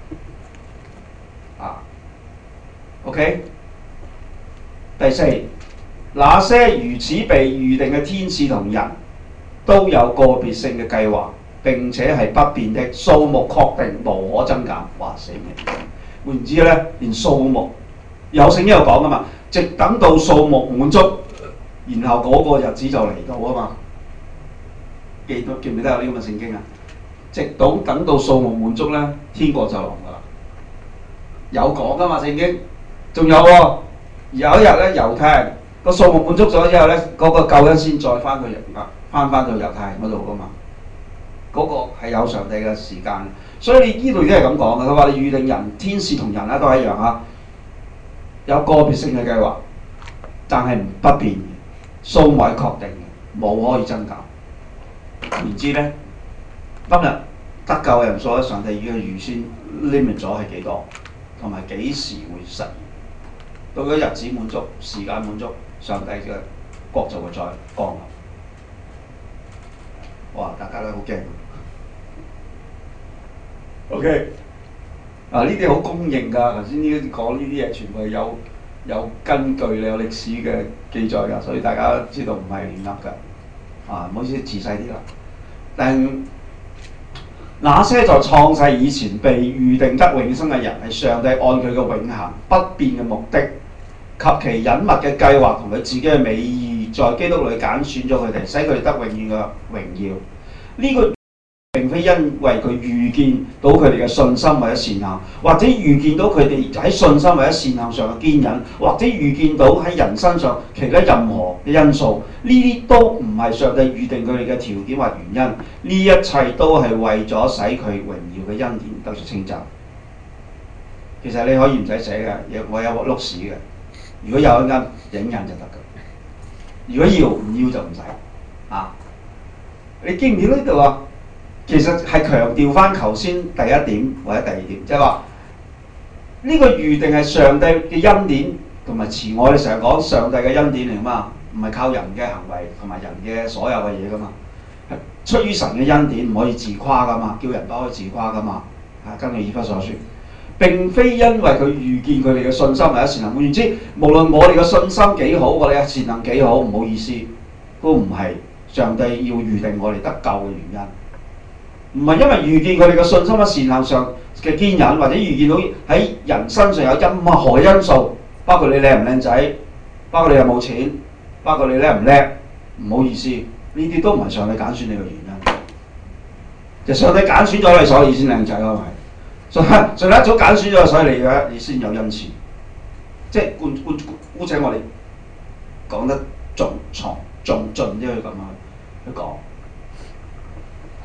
OK，第四，那些如此被預定嘅天使同人，都有個別性嘅計劃，並且係不變的數目確定，無可增減。話死你，換言之咧，連數目有聖經有講噶嘛，直等到數目滿足，然後嗰個日子就嚟到啊嘛。記得，記唔記得有呢咁嘅聖經啊？直到等到數目滿足咧，天國就嚟噶啦。有講噶嘛聖經？仲有喎，有一日咧，猶太人個數目滿足咗之後咧，嗰個救恩先再翻去人，翻翻到猶太嗰度噶嘛。嗰、嗰個係有上帝嘅時間，所以呢度都係咁講嘅。佢話你預定人，天使同人咧都係一樣嚇，有個別性嘅計劃，但係唔不變嘅數位確定冇可以增減。唔知咧，今日得救嘅人數喺上帝已經預先 limit 咗係幾多，同埋幾時會實現。到咗日子滿足，時間滿足，上帝嘅國就會再降臨。哇！大家都好驚。OK，啊呢啲好公認㗎，頭先呢講呢啲嘢全部係有有根據、有歷史嘅記載㗎，所以大家知道唔係亂噏㗎。啊，唔好意思，字細啲啦。但，那些在創世以前被預定得永生嘅人，係上帝按佢嘅永恆不變嘅目的。及其隱密嘅計劃同佢自己嘅美意，在基督裏揀選咗佢哋，使佢哋得永遠嘅榮耀。呢、這個並非因為佢預見到佢哋嘅信心或者善行，或者預見到佢哋喺信心或者善行上嘅堅忍，或者預見到喺人身上其他任何嘅因素。呢啲都唔係上帝預定佢哋嘅條件或原因。呢一切都係為咗使佢榮耀嘅恩典得著稱讚。其實你可以唔使寫嘅，我有碌屎嘅。如果有一間影印就得㗎，如果要唔要就唔使啊！你見唔見呢度啊？其實係強調翻頭先第一點或者第二點，即係話呢個預定係上帝嘅恩典同埋慈愛。我哋成日講上帝嘅恩典嚟啊嘛，唔係靠人嘅行為同埋人嘅所有嘅嘢噶嘛，係出於神嘅恩典，唔可以自誇噶嘛，叫人不可以自誇噶嘛。啊，跟住以弗所說。並非因為佢預見佢哋嘅信心或者善能，換言之，無論我哋嘅信心幾好，我哋嘅善能幾好，唔好意思，都唔係上帝要預定我哋得救嘅原因。唔係因為預見佢哋嘅信心喺善行上嘅堅忍，或者預見到喺人身上有任何因素，包括你靚唔靚仔，包括你有冇錢，包括你叻唔叻，唔好意思，呢啲都唔係上帝揀選你嘅原因。就上帝揀選咗你所，所以先靚仔咯。係。純一早揀選咗，所以你嘅你先有恩賜，即係姑且我哋講得重重重盡藏盡盡，即係咁樣去講。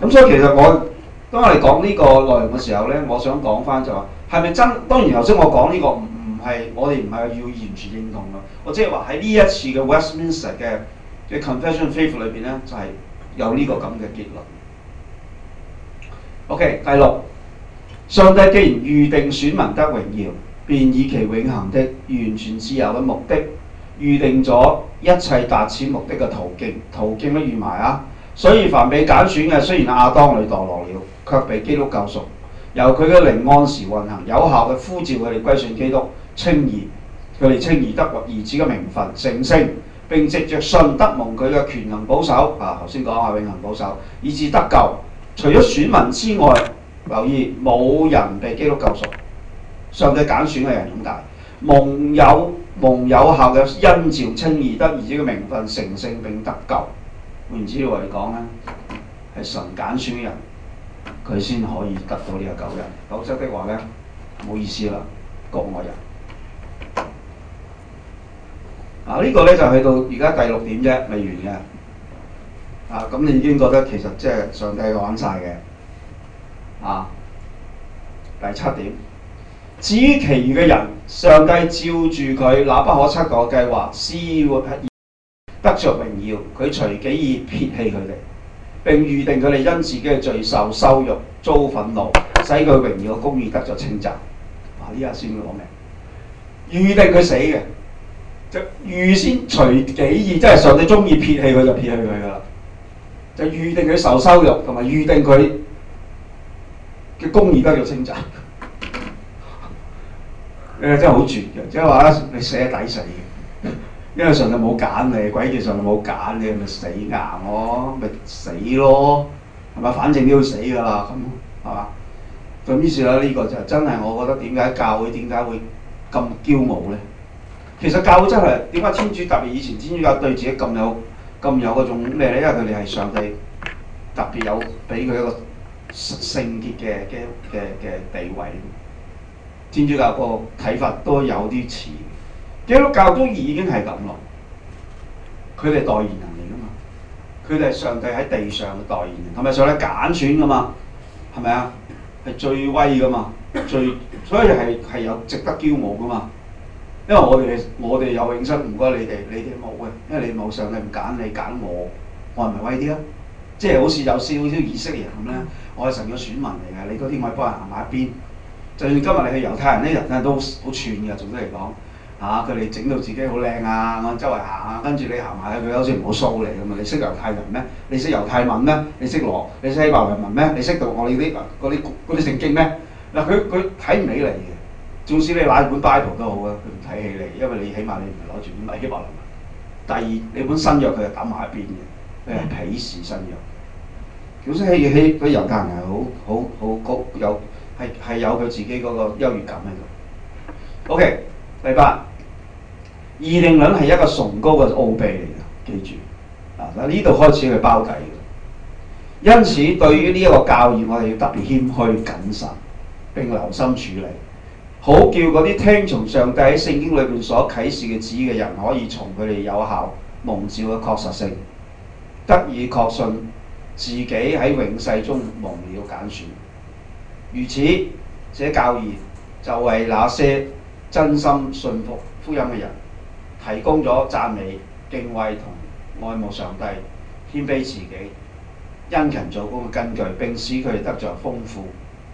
咁所以其實我當我哋講呢個內容嘅時候咧，我想講返就話係咪真？當然頭先我講呢、呢個唔唔係我哋唔係要完全認同咯。我即係話喺呢一次嘅 Westminster 嘅嘅 Confession Faith 裏邊咧，就係、係、有呢個咁嘅結論。OK，第六。上帝既然預定選民得榮耀，便以其永恆的完全自由嘅目的，預定咗一切達此目的嘅途徑，途徑都預埋啊！所以凡被揀選嘅，雖然亞當裏墮落了，卻被基督救贖，由佢嘅靈安時運行，有效嘅呼召佢哋歸信基督，稱義，佢哋稱義得獲兒子嘅名分、成聖並藉着信德蒙佢嘅權能保守。啊，頭先講下永恆保守，以致得救。除咗選民之外。留意，冇人被基督救贖，上帝揀選嘅人點解？蒙有蒙有效嘅恩召稱義而得兒子嘅名分、成聖並得救。換言之，我哋講咧，係神揀選嘅人，佢先可以得到呢個救恩。否則的話咧，冇意思啦，局外人。啊，這個、呢個咧就去到而家第六點啫，未完嘅。啊，咁你已經覺得其實即係上帝講晒嘅。啊！第七點，至於其餘嘅人，上帝照住佢那不可測嘅計劃施活得着榮耀，佢隨己意撇棄佢哋，並預定佢哋因自己嘅罪受羞辱、遭憤怒，使佢榮耀嘅公義得咗稱讚。嗱、啊，呢下先攞命，預定佢死嘅，就預先隨己意，即係上帝鍾意撇棄佢就撇棄佢噶啦，就預定佢受羞辱，同埋預定佢。嘅公而家做清責，誒、 呃、真係好絕嘅，即係話你死抵死因為上帝冇揀你，鬼叫上帝冇揀你，咪死硬咯、啊，咪死咯，係嘛？反正都要死㗎啦，咁係嘛？咁於是啊，呢、呢個就真係我覺得點解教會點解會咁驕傲咧？其實教會真係點解天主特別以前天主教對自己咁有咁有嗰種咩咧？因為佢哋係上帝特別有俾佢一個。聖潔嘅嘅嘅嘅地位，天主教個睇法都有啲似，基督教都已經係咁咯。佢哋代言人嚟噶嘛，佢哋係上帝喺地上嘅代言人，同埋上帝揀選噶嘛，係咪啊？係最威噶嘛，最所以係係有值得驕傲噶嘛。因為我哋我哋有永生，唔該你哋，你哋冇嘅，因為你冇上帝唔揀你揀我，我係咪威啲啊？即係好似有少少意識嘅人咁咧。我係神嘅選民嚟嘅，你嗰啲我幫人行埋一邊。就算今日你去猶太人呢日咧，都好串嘅，總之嚟講嚇，佢哋整到自己好靚啊，往周圍行啊，跟住你行埋去，佢好似唔好騷你咁啊！你識猶太人咩？你識猶太文咩？你識羅？你識希伯來文咩？你識到我呢啲嗰啲啲聖經咩？嗱，佢佢睇唔起你嘅，即使你拿一本《Bible》都好啊，佢唔睇起你，因為你起碼你唔係攞住啲希伯來文。第二，你本新約佢又抌埋一邊嘅，你係鄙視新約。叫聲起起，嗰啲猶太人係好好好高有係係有佢自己嗰個優越感喺度。O.K. 第八預定論係一個崇高嘅奧秘嚟嘅，記住啊！喺呢度開始去包底，因此對於呢一個教義，我哋要特別謙虛謹慎並留心處理，好叫嗰啲聽從上帝喺聖經裏邊所啟示嘅旨意嘅人，可以從佢哋有效蒙照嘅確實性得以確信。自己喺永世中蒙了揀選，如此這教義就為那些真心信服福音嘅人提供咗讚美、敬畏同愛慕上帝、謙卑自己、殷勤做工嘅根據，並使佢哋得着豐富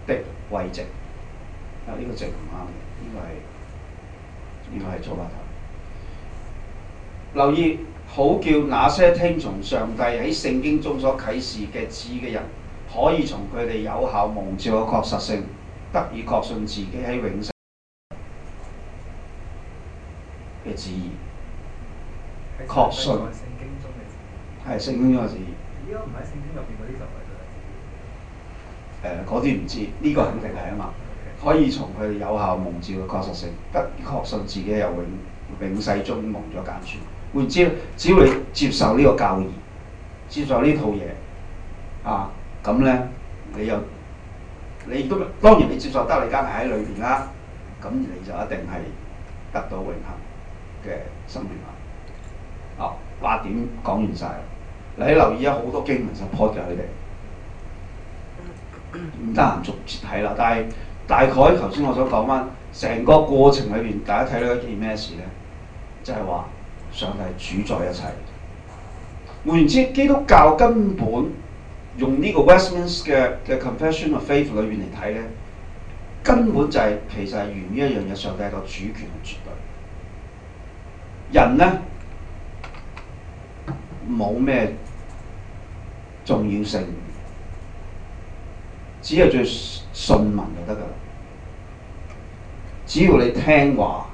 的慰藉。啊、這個，呢個直唔啱嘅，呢個係呢個係錯筆頭。留意。好叫那些聽從上帝喺聖經中所啟示嘅旨意嘅人，可以從佢哋有效蒙召嘅確實性，得以確信自己喺永世嘅旨意，確信係聖經中嘅旨意。係聖經中嘅旨意。如果唔喺聖經入邊嗰啲就係咩旨意？嗰啲唔知，呢、這個肯定係啊嘛。可以從佢哋有效蒙召嘅確實性，得以確信自己喺永永世中蒙咗揀選。會接，只要你接受呢個教義，接受呢套嘢，啊，咁咧你又，你都當然你接受得，你梗係喺裏邊啦，咁你就一定係得到永恆嘅生命啊！八點講完晒啦，嗱你留意啊，好多經文 support 嘅佢哋，唔得閒逐字睇啦，但係大概頭先我想講翻，成個過程裏邊，大家睇到一件咩事咧，即係話。上帝係主宰一切。換言之，基督教根本用呢個 Westminster 嘅嘅 Confession of Faith 裏面嚟睇咧，根本就係、是、其實係源於一樣嘢，上帝個主權同絕對。人咧冇咩重要性，只係要信信民就得噶啦。只要你聽話，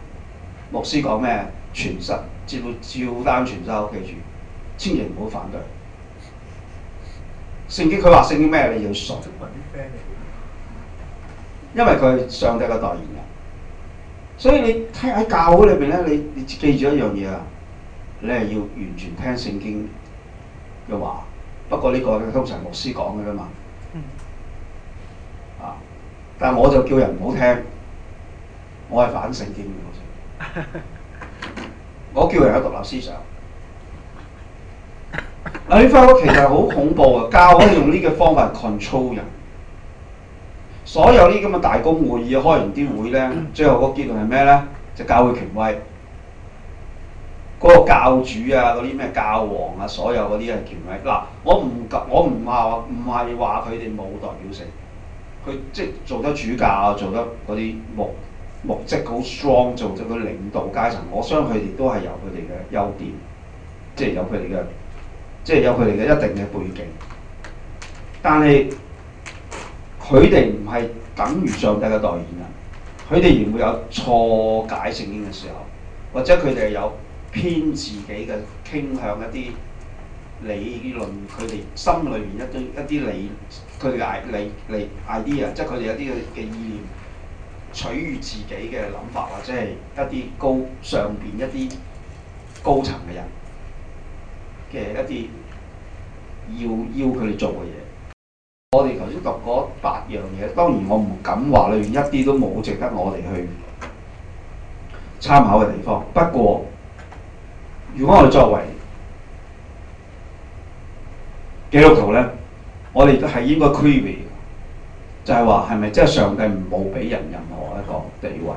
牧師講咩，全神。照照單全收喺屋企住，千祈唔好反對。聖經佢話聖經咩？你要信，因為佢係上帝嘅代言人。所以你喺喺教會裏邊咧，你你記住一樣嘢啊，你係要完全聽聖經嘅話。不過呢個通常牧師講嘅啦嘛。啊，但我就叫人唔好聽，我係反聖經嘅。我叫人有獨立思想。嗱，你發覺其實好恐怖啊。教會用呢個方法 control 人。所有呢咁嘅大公會議開完啲會咧，最後個結論係咩咧？就教會權威，嗰、嗰個教主啊，嗰啲咩教皇啊，所有嗰啲係權威。嗱，我唔我唔話，唔係話佢哋冇代表性。佢即係做得主教，做得嗰啲牧。目的好 strong，做咗個領導階層。我相信佢哋都係有佢哋嘅優點，即係有佢哋嘅，即係有佢哋嘅一定嘅背景。但係佢哋唔係等於上帝嘅代言人，佢哋亦會有錯解聖經嘅時候，或者佢哋有偏自己嘅傾向一啲理論，佢哋心裏邊一啲一啲理佢嘅 idea，即係佢哋有啲嘅意念。取決於自己嘅諗法，或者係一啲高上邊一啲高層嘅人嘅一啲要要佢哋做嘅嘢。我哋頭先讀嗰八樣嘢，當然我唔敢話裏面，一啲都冇值得我哋去參考嘅地方。不過，如果我哋作為基督徒咧，我哋都係應該區別。就係話，係咪即係上帝唔冇俾人任何一個地位？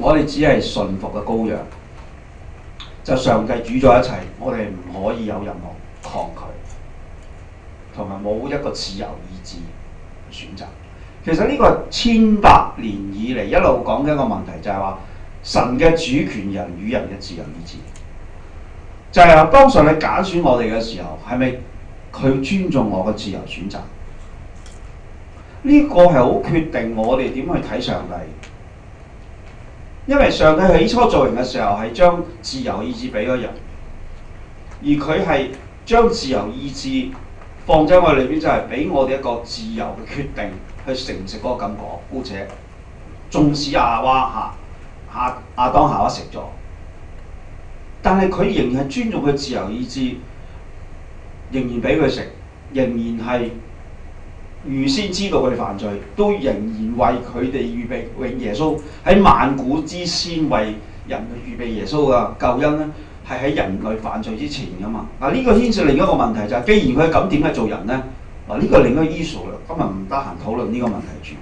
我哋只係信服嘅羔羊，就上帝主宰一切，我哋唔可以有任何抗拒，同埋冇一個自由意志選擇。其實呢個千百年以嚟一路講緊一個問題就，就係話神嘅主權，人與人嘅自由意志，就係話，當上帝揀選我哋嘅時候，係咪佢尊重我嘅自由選擇？呢個係好決定我哋點去睇上帝，因為上帝起初造人嘅時候係將自由意志俾咗人，而佢係將自由意志放喺我哋裏邊，就係俾我哋一個自由嘅決定，去食唔食個感覺，姑且，縱使阿娃下下亞當夏娃食咗，但係佢仍然係尊重佢自由意志，仍然俾佢食，仍然係。預先知道佢哋犯罪，都仍然為佢哋預備永耶穌喺萬古之先為人類預備耶穌嘅救恩咧，係喺人類犯罪之前噶嘛？嗱、這、呢個牽涉另一個問題就係、是，既然佢咁點解做人咧？嗱、這、呢個另一個 issue 啦，今日唔得閒討論呢個問題住。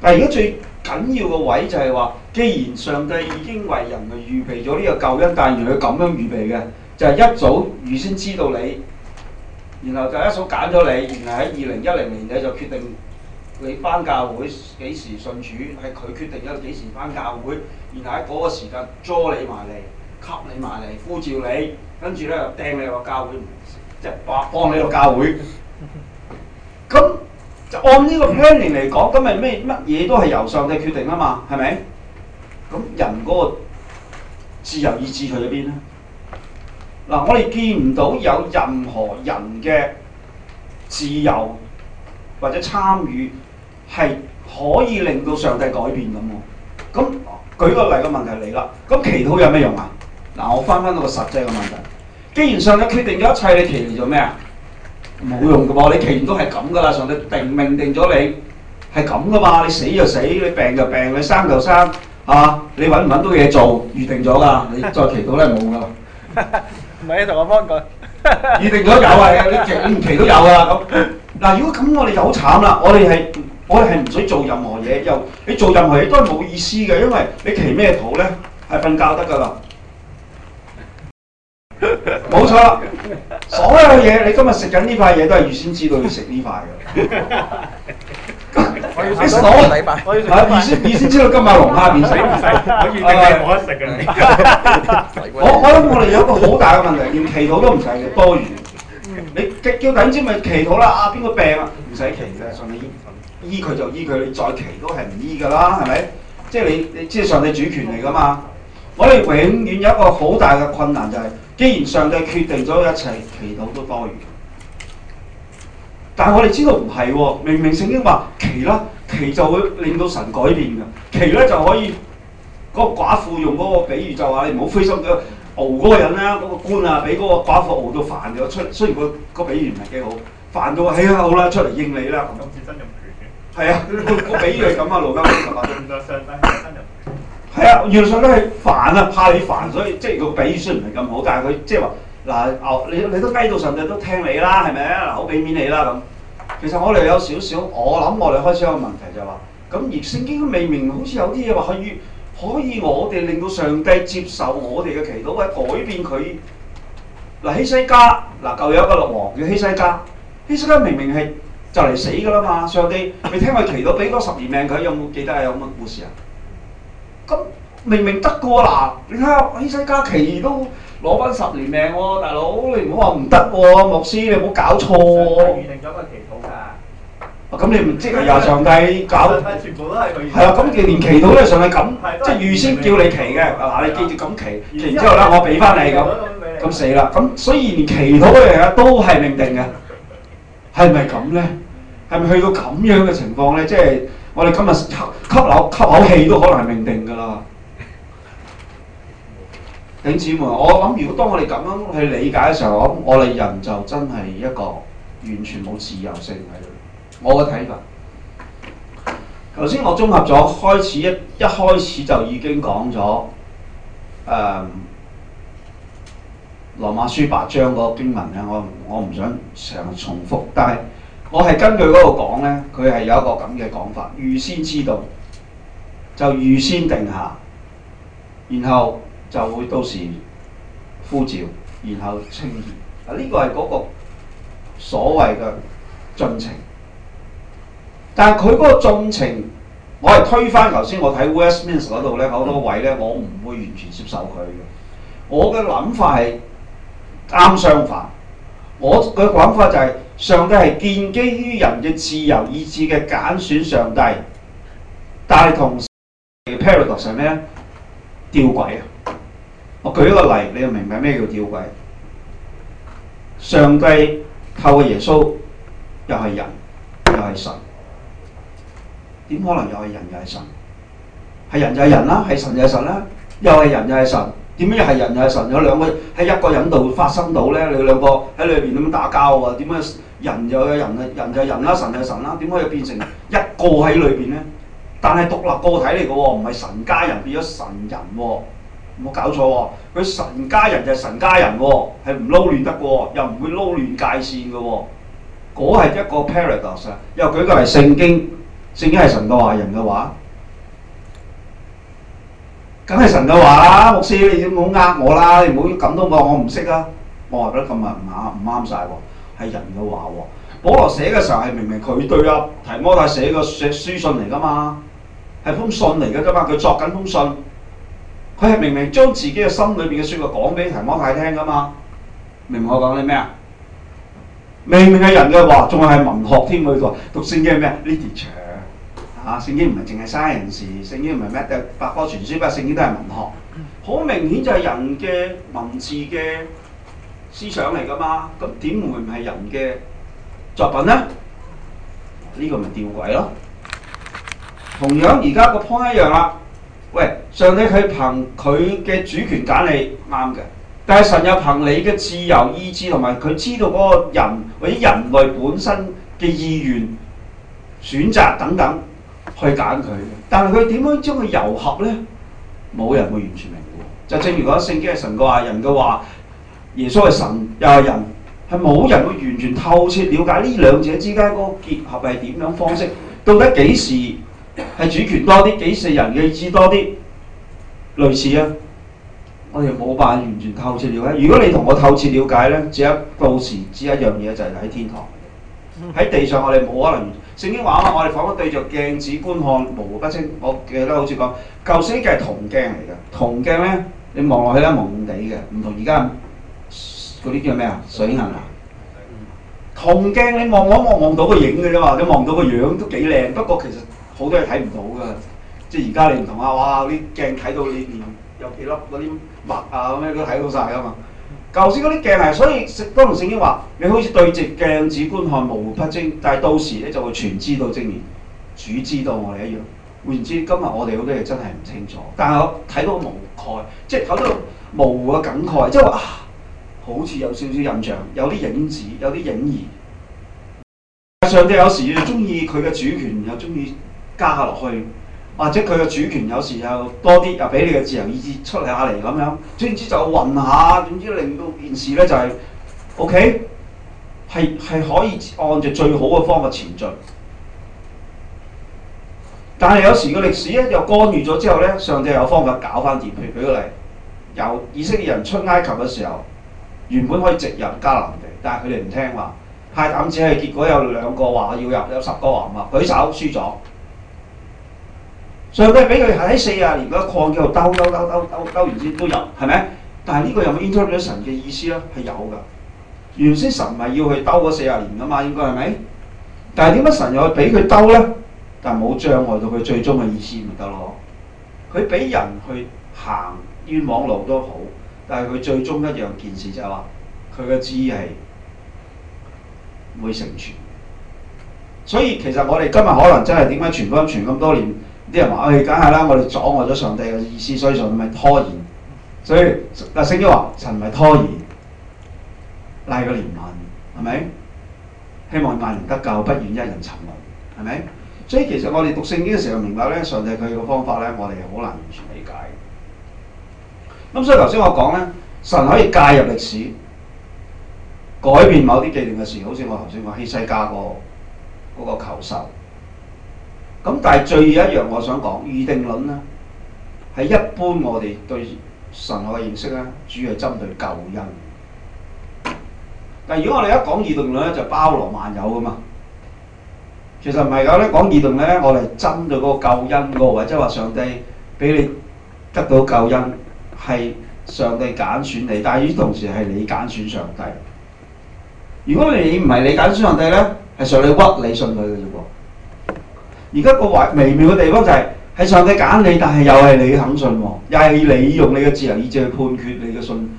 但係而家最緊要嘅位就係、是、話，既然上帝已經為人類預備咗呢個救恩，但係佢咁樣預備嘅就係、是、一早預先知道你。然後就一手揀咗你，原來喺二零一零年你就決定你返教會幾時信主，係佢決定咗幾時返教會，然後喺嗰個時間捉你埋嚟，吸你埋嚟，呼召你，跟住咧又掟你個教會，即係幫幫你個教會。咁 就按呢個 planning 嚟講，咁咪咩乜嘢都係由上帝決定啊嘛，係咪？咁人嗰個自由意志去咗邊咧？嗱，我哋見唔到有任何人嘅自由或者參與係可以令到上帝改變咁喎。咁舉個例嘅問題嚟啦。咁祈禱有咩用啊？嗱，我翻翻個實際嘅問題。既然上帝決定咗一切，你祈嚟做咩啊？冇用㗎噃，你祈禱都係咁噶啦。上帝定命定咗你係咁噶嘛，你死就死，你病就病，你生就生，嚇、啊？你揾唔揾到嘢做預定咗㗎，你再祈禱咧冇用㗎。 唔係，你同我幫佢預定咗有啊？你期唔期都有啊？咁嗱，如果咁我哋就好慘啦。我哋係我哋係唔使做任何嘢，又你做任何嘢都係冇意思嘅，因為你期咩圖咧，係瞓覺得㗎啦。冇錯， 所有嘢你今日食緊呢塊嘢都係預先知道要食呢塊㗎。 你傻啊！你先你先知道今日龍蝦麵食唔食？我預定嘅冇得食嘅。我我諗我哋有一個好大嘅問題，連祈禱都唔使嘅，多餘。你叫等，先咪祈禱啦？啊邊個病啊？唔使祈嘅，上帝醫佢就醫佢，你再祈都係唔醫㗎啦，係咪？即係你你知上帝主權嚟㗎嘛？我哋永遠有一個好大嘅困難，就係既然上帝決定咗一切，祈禱都多餘。但係我哋知道唔係喎，明明聖經話祈啦，祈就會令到神改變嘅，祈咧就可以個寡婦用嗰個比喻就話：你唔好灰心嘅熬嗰個人啦、啊，嗰、嗰個官啊，俾嗰個寡婦熬到煩咗出嚟。雖然個個比喻唔係幾好，煩到誒、哎、好啦，出嚟應你啦。咁似真人唔係嘅。係啊，我、那個、比喻係咁啊，羅家寶同阿張生真人。係啊，原術都係煩啊，怕你煩，所以即係個比喻雖然唔係咁好，但係佢即係話。嗱，牛、啊、你你都哀到上帝都聽你啦，係咪啊？嗱，好俾面你啦咁。其實我哋有少少，我諗我哋開始嘅問題就係話，咁而聖經明明好似有啲嘢話可以可以我哋令到上帝接受我哋嘅祈禱或者改變佢。嗱、啊，希西家，嗱、啊、舊有一個王叫希西家。希西家明明係就嚟死噶啦嘛，上帝未聽佢祈禱，俾多十年命佢，有冇記得有乜故事啊？咁明明得過嗱，你睇下希西家祈禱都。攞翻十年命喎、啊，大佬，你唔好話唔得喎，牧師，你唔好搞錯喎、啊。預定咗個祈禱㗎。咁你唔即係由上帝搞？係全部都係佢。啊，咁、嗯、既連祈禱都係上帝咁，即係預先叫你祈嘅，嗱、啊啊、你記住咁祈，祈完之後咧、啊、我俾翻你咁，咁死啦！咁、嗯、所以連祈禱嘅嘢都係命定嘅，係咪咁咧？係咪去到咁樣嘅情況咧？即、就、係、是、我哋今日吸口吸口氣都可能係命定㗎啦。弟兄們，我諗如果當我哋咁樣去理解嘅時候，我我哋人就真係一個完全冇自由性喺度。我嘅睇法，頭先我綜合咗開始一一開始就已經講咗，誒、嗯、羅馬書八章嗰個經文咧，我我唔想成日重複，但係我係根據嗰度講咧，佢係有一個咁嘅講法，預先知道就預先定下，然後。就會到時呼召，然後稱義。啊，呢個係嗰個所謂嘅進程。但係佢嗰個進程，我係推翻頭先我睇 Westminster 嗰度咧好多位咧，我唔會完全接受佢嘅。我嘅諗法係啱相反。我嘅講法就係、是、上帝係建基於人嘅自由意志嘅揀選上帝，但係同時 paradox 係咩吊詭啊！我舉一個例，你就明白咩叫吊詭。上帝靠嘅耶穌又係人又係神，點可能又係人又係神？係人就係人啦，係神就係神啦，又係人又係神，點樣又係人又係神？有兩個喺一個人度發生到咧，你兩個喺裏邊點樣打交啊？點解人又有人啊？人就係人啦，神就係神啦，點可以變成一個喺裏邊咧？但係獨立個體嚟嘅喎，唔係神家人變咗神人喎。冇搞錯喎，佢神家人就係神家人喎，係唔撈亂得㗎，又唔會撈亂界線嘅喎。嗰係一個 paradox。又舉個係聖經，聖經係神嘅話，人嘅話，梗係神嘅話。牧師，你唔好呃我啦，你唔好咁多講，我唔識、哦、啊。我話得咁啊，唔啱，唔啱晒喎，係人嘅話喎。保羅寫嘅時候係明明佢對啊提摩太寫個寫書信嚟㗎嘛，係封信嚟㗎啫嘛，佢作緊封信。佢係明明將自己嘅心裏邊嘅說話講俾提摩太聽噶嘛？明明我講你咩啊？明明係人嘅話，仲係文學添，佢話讀聖經係咩？Literature 嚇，聖經唔係淨係 science，聖經唔係咩？百科全書，不聖經都係文學。好明顯就係人嘅文字嘅思想嚟噶嘛？咁點會唔係人嘅作品呢？呢、呢個咪吊詭咯！同樣而家個 point 一樣啦。喂，上帝佢憑佢嘅主權揀你啱嘅，但係神又憑你嘅自由意志同埋佢知道嗰個人或者人類本身嘅意願選擇等等去揀佢，但係佢點樣將佢糅合咧？冇人會完全明嘅。就正如嗰聖經係神嘅話、人嘅話，耶穌係神又係人，係冇人會完全透徹了解呢兩者之間嗰個結合係點樣方式，到底幾時？係主權多啲，幾世人嘅意志多啲，類似啊！我哋冇辦法完全透徹了解。如果你同我透徹了解咧，只係到時只一樣嘢，就係喺天堂。喺地上我哋冇可能。聖經話我哋彷彿對着鏡子觀看，模糊不清。我記得好似講舊時嘅係銅鏡嚟嘅，銅鏡咧你望落去咧朦朦地嘅，唔同而家嗰啲叫咩啊？水銀啊！銅鏡你望望望望到個影嘅啫嘛，你望到個樣都幾靚，不過其實。好多嘢睇唔到㗎，即係而家你唔同啊！哇，啲鏡睇到裏面有幾粒嗰啲物啊，咩都睇到晒㗎嘛。舊時嗰啲鏡啊，所以食聖經話：你好似對著鏡子觀看，模糊不清，但係到時咧就會全知道真面，主知道我哋一樣。換言之，今日我哋好多嘢真係唔清楚，但係我睇到模概，即係睇到模糊嘅感慨，即係話啊，好似有少少印象，有啲影子，有啲影兒。上帝有時中意佢嘅主權，又中意。加落去，或者佢嘅主權有時候多啲，又俾你嘅自由意志出嚟。下嚟咁樣，總之就混下，總之令到件事咧就係 O K，係係可以按照最好嘅方法前進。但係有時個歷史咧又干預咗之後咧，上帝有方法搞翻掂。譬如舉個例，由以色列人出埃及嘅時候，原本可以直入迦南地，但係佢哋唔聽話，派膽子去，結果有兩個話要入，有十個話唔話，舉手輸咗。上佢俾佢喺四十年嗰個框，叫兜兜兜兜兜完先都有，係咪？但係呢個有冇 interrupt 咗神嘅意思啊？係有噶。原先神咪要去兜嗰四十年噶嘛，應該係咪？但係點解神又去俾佢兜咧？但係冇障礙到佢最終嘅意思咪得咯？佢俾人去行冤枉路都好，但係佢最終一樣件事就係、是、話，佢嘅旨意係會成全。所以其實我哋今日可能真係點解傳福音傳咁多年？啲人話、哎：，我梗係啦，我哋阻礙咗上帝嘅意思，所以上帝咪拖延。所以，個聖經話：，神唔係拖延，拉個憐憫，係咪？希望萬人得救，不願一人沉淪，係咪？所以其實我哋讀聖經嘅時候，明白咧，上帝佢嘅方法咧，我哋係好難完全理解。咁所以頭先我講咧，神可以介入歷史，改變某啲既定嘅事，好似我頭先話希西家個嗰個求受。咁但係最一樣，我想講預定論啦，係一般我哋對神學嘅認識啦，主要係針對救恩。但係如果我哋一講預定論咧，就係包羅萬有噶嘛。其實唔係㗎咧，講預定咧，我哋針對嗰個救恩個位，或者話上帝俾你得到救恩係上帝揀選你，但係於同時係你揀選上帝。如果你唔係你揀選上帝咧，係上帝屈你信佢嘅啫噃。而家個話微妙嘅地方就係喺上帝揀你，但係又係你肯信喎，又係你用你嘅自由意志去判決你嘅信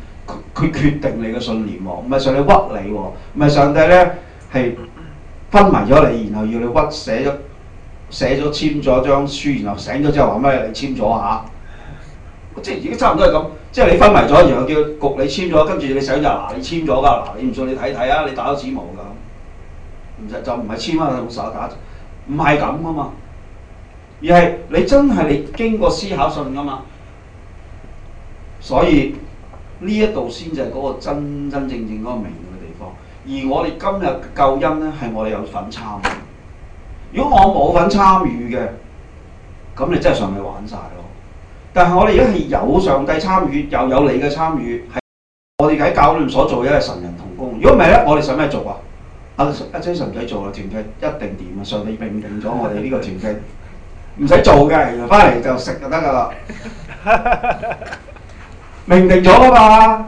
決決定你嘅信念。唔係上帝屈你喎，唔係上帝咧係昏迷咗你，然後要你屈寫咗寫咗簽咗張書，然後醒咗之後話咩你簽咗啊？即係已經差唔多係咁，即係你昏迷咗，然後叫局你簽咗，跟住你醒就嗱你簽咗㗎，嗱你唔信你睇睇啊，你打咗指模㗎，唔就唔係簽翻係手打。唔係咁啊嘛，而係你真係你經過思考信啊嘛，所以呢一度先至係嗰個真真正正嗰個明嘅地方。而我哋今日嘅救恩咧，係我哋有份參與。如果我冇份參與嘅，咁你真係上帝玩晒咯。但係我哋而家係有上帝參與，又有你嘅參與，係我哋喺教會所做嘅，一係神人同工。如果唔係咧，我哋使咩做啊？阿阿 Jason 唔使做啦，團契一定掂啊！上帝命定咗我哋呢個團契，唔使 做嘅，翻嚟就食就得噶啦。命 定咗啊嘛，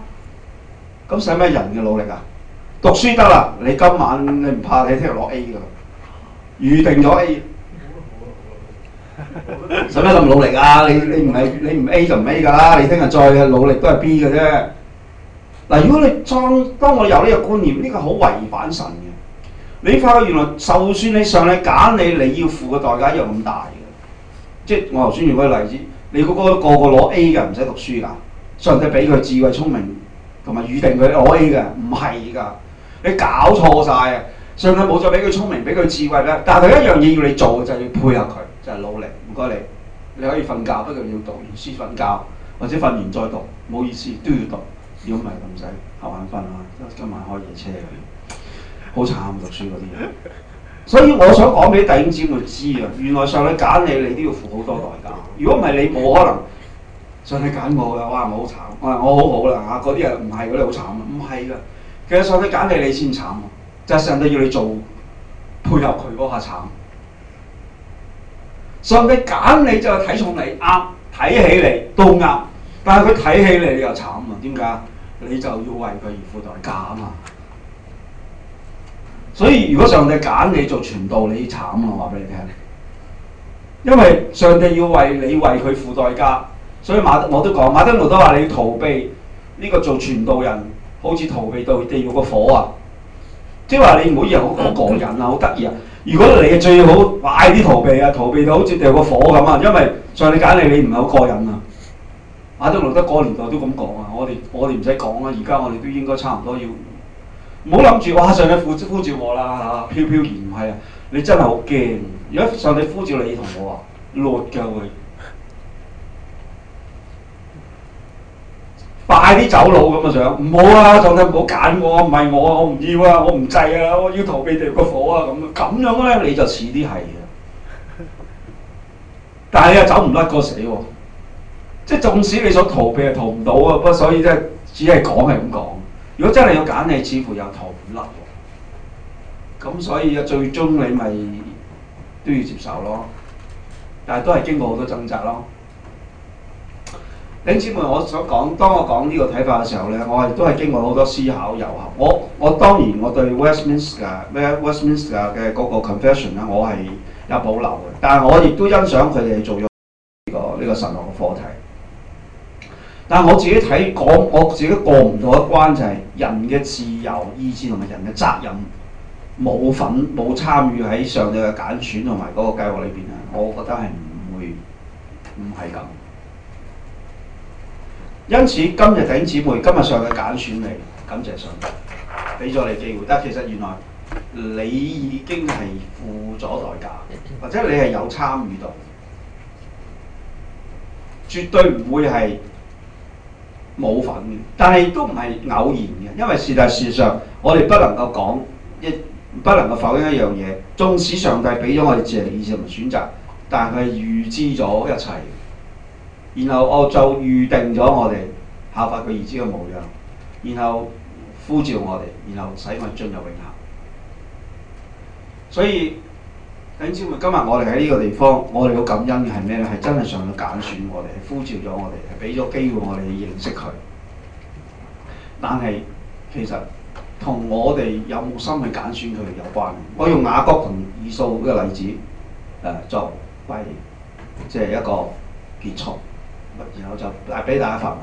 咁使咩人嘅努力啊？讀書得啦！你今晚你唔怕你聽日攞 A 噶，預定咗 A，使咩咁努力啊？你你唔係你唔 A 就唔 A 噶啦，你聽日再努力都係 B 嘅啫。嗱、啊，如果你當當我有呢個觀念，呢個好違反神你發覺原來就算你上嚟揀你，你要付嘅代價一樣咁大嘅。即係我頭先用嗰個例子，你嗰個個攞 A 嘅唔使讀書㗎，上帝俾佢智慧聰明同埋預定佢攞 A 嘅，唔係㗎。你搞錯晒啊！上帝冇再俾佢聰明，俾佢智慧啦。但係第一樣嘢要你做嘅，就係、是、要配合佢，就係努力。唔該你，你可以瞓覺，不過你要讀完書瞓覺，或者瞓完再讀。冇意思，都要讀，如果唔係咁使瞌晚瞓啦。因為今晚開夜車好慘，讀書嗰啲人，所以我想講俾弟兄姊妹知啊，原來上帝揀你，你都要付好多代價。如果唔係你，冇可能上帝揀我嘅。哇！我好慘，我我好好啦嚇，嗰啲人唔係嗰啲好慘啊，唔係噶。其實上帝揀你，你先慘，就係上帝要你做配合佢嗰下慘。上帝揀你就係睇重你啱，睇起你都啱，但係佢睇起你你又慘啊？點解？你就要為佢而付代價啊嘛！所以如果上帝揀你做傳道，你慘啊！我話俾你聽，因為上帝要為你為佢付代價。所以馬德我都講，馬德路德話你要逃避呢，這個做傳道人，好似逃避到地獄個火啊！即係話你唔好以為好好過癮啊，好得意啊！如果你，最好快啲逃避啊，逃避到好似地獄個火咁啊！因為上帝揀你，你唔係好過癮啊！馬德路德個年代都咁講啊，我哋我哋唔使講啦，而家我哋都應該差唔多要。唔好諗住，哇！上帝呼召呼召我啦，嚇，飄飄然唔係啊！你真係好驚。如果上帝呼召你同我 啊，落㗎會，快啲走佬咁嘅樣。唔好啊，上帝唔好揀我，唔係我，我唔要啊，我唔制啊，我要逃避地獄個火啊咁啊，咁樣咧你就似啲係啊。但係又走唔甩個死喎，即係縱使你想逃避係逃唔到啊。不過所以即係只係講係咁講，如果真係要揀，你似乎又逃唔甩喎。咁所以啊，最終你咪都要接受咯。但係都係經過好多掙扎咯。弟兄姊妹，我想講，當我講呢個睇法嘅時候咧，我係都係經過好多思考遊合。我我當然我對 Westminster 咩 Westminster 嘅個 confession 咧，我係有保留嘅，但係我亦都欣賞佢哋做咗呢個呢個神學嘅課題。但係我自己睇講，我自己過唔到一關，就係人嘅自由意志同埋人嘅責任冇份冇參與喺上帝嘅揀選同埋嗰個計劃裏邊啊！我覺得係唔會唔係咁。因此今日頂姊妹，今日上嘅揀選嚟，感謝上帝俾咗你機會。但其實原來你已經係付咗代價，或者你係有參與到，絕對唔會係。冇份嘅，但係都唔係偶然嘅，因為事實事上，我哋不能夠講，亦不能夠否認一樣嘢。縱使上帝俾咗我哋自由意志同埋選擇，但係佢預知咗一切，然後我就預定咗我哋效法佢兒子嘅模樣，然後呼召我哋，然後使我進入永恆。所以。咁所以今日我哋喺呢個地方，我哋好感恩嘅係咩咧？係真係上帝揀選我哋，係呼召咗我哋，係俾咗機會我哋認識佢。但係其實同我哋有冇心去揀選佢有關。我用雅各同以掃嘅例子，誒、呃、作為即係、就是、一個結束，然後就誒俾大家發問：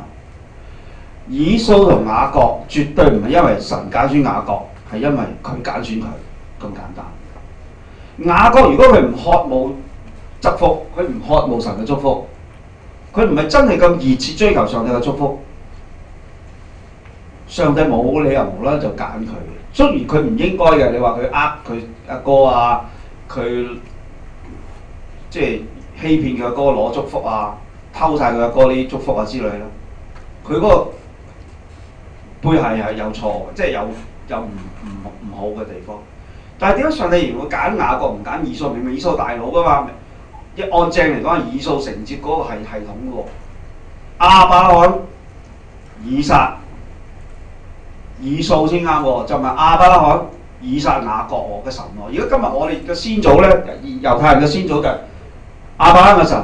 以掃同雅各絕對唔係因為神揀選雅各，係因為佢揀選佢咁簡單。雅各，如果佢唔渴慕祝福，佢唔渴慕神嘅祝福，佢唔係真係咁熱切追求上帝嘅祝福，上帝冇理由無啦就揀佢。雖然佢唔應該嘅，你話佢呃佢阿哥啊，佢即係欺騙佢阿哥攞祝福啊，偷晒佢阿哥啲祝福啊之類啦，佢嗰個背後係有錯，即係有有唔唔唔好嘅地方。但係點解上帝仍然會揀雅各唔揀以掃？明明以掃大佬噶嘛，一按正嚟講，以掃承接嗰個係系統噶喎。亞伯拉罕、以撒、以掃先啱喎，就係亞伯拉罕、以撒、雅各王嘅神喎。如果今日我哋嘅先祖咧，猶太人嘅先祖就亞伯拉罕嘅神、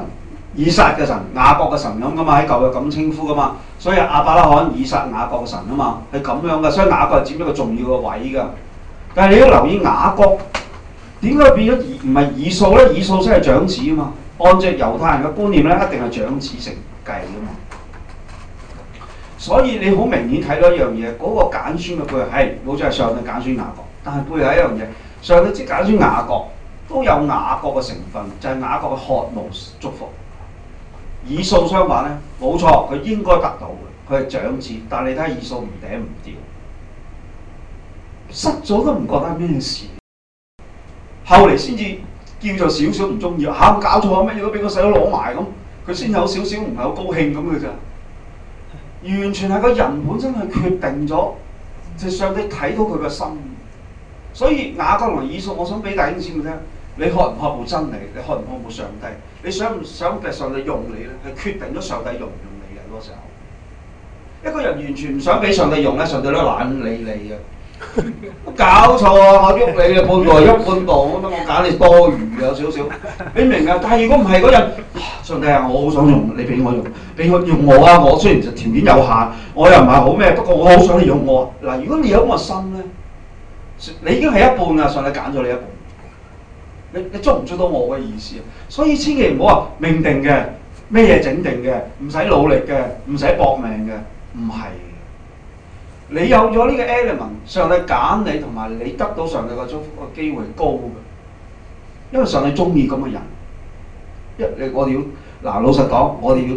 以撒嘅神、雅各嘅神咁噶嘛，喺舊日咁稱呼噶嘛。所以亞伯拉罕、以撒、雅各嘅神啊嘛，係咁樣嘅，所以雅各係佔咗個重要嘅位㗎。但係你要留意雅各點解變咗唔係以掃咧？以掃先係長子啊嘛！按照猶太人嘅觀念咧，一定係長子承繼啊嘛。所以你好明顯睇到一樣嘢，嗰、那個揀選嘅句係好似係上帝揀選雅各，但係背後係一樣嘢，上帝即揀選雅各都有雅各嘅成分，就係、是、雅各嘅渴慕祝福。以掃相反咧，冇錯佢應該得到嘅，佢係長子，但係你睇下以掃唔頂唔掉。失咗都唔覺得係咩事，後嚟先至叫做少少唔中意，嚇、啊、搞錯乜嘢都俾個細佬攞埋咁，佢先有少少唔係好高興咁嘅啫。完全係個人本身係決定咗，就上帝睇到佢嘅心。所以雅各和以掃，我想俾大英先。佢聽，你學唔學部真理？你學唔學部上帝？你想唔想嘅上帝用你咧？係決定咗上帝用唔用你嘅嗰、那個、時候，一個人完全唔想俾上帝用咧，上帝都懶理你嘅。搞錯啊！我喐你嘅半度喐半度，咁我揀你多餘有少少，你明啊？但係如果唔係嗰陣，上帝啊，我好想用你俾我用，俾我用我啊！我雖然就條件有限，我又唔係好咩，不過我好想你用我啊。嗱，如果你有咁嘅心咧，你已經係一半啊！上帝揀咗你一半，你你捉唔捉到我嘅意思啊？所以千祈唔好話命定嘅，咩嘢整定嘅，唔使努力嘅，唔使搏命嘅，唔係。你有咗呢個 element，上帝揀你同埋你得到上帝嘅祝福嘅機會高嘅，因為上帝中意咁嘅人。你，我哋要嗱，老實講，我哋要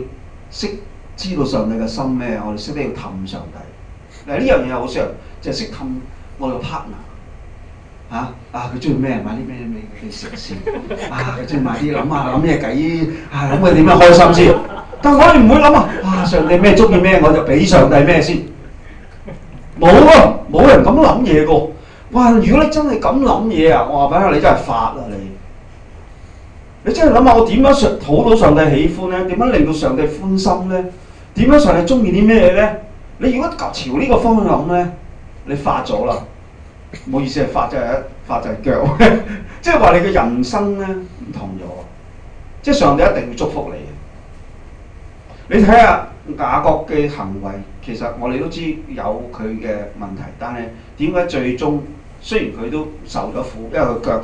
識知道上帝嘅心咩？我哋識得要氹上帝。嗱呢樣嘢好重要，即係識氹我哋 partner。嚇啊，佢中意咩？買啲咩俾佢哋食先。啊，佢中意買啲諗下諗咩計？啊，諗佢點樣、啊、開心先。但係我哋唔會諗啊，啊上帝咩中意咩，我就俾上帝咩先，冇啊，冇人咁諗嘢過。哇！如果你真係咁諗嘢啊，我話俾你聽，你真係發啦你。你，你真係諗下我點樣上討到上帝喜歡咧？點樣令到上帝歡心咧？點樣上帝中意啲咩咧？你如果朝呢個方向諗咧，你發咗啦。唔好意思，係發即係一發就係腳，即係話你嘅人生咧唔同咗。即係上帝一定要祝福你。你睇下啊。雅各嘅行為其實我哋都知有佢嘅問題，但係點解最終雖然佢都受咗苦，因為佢腳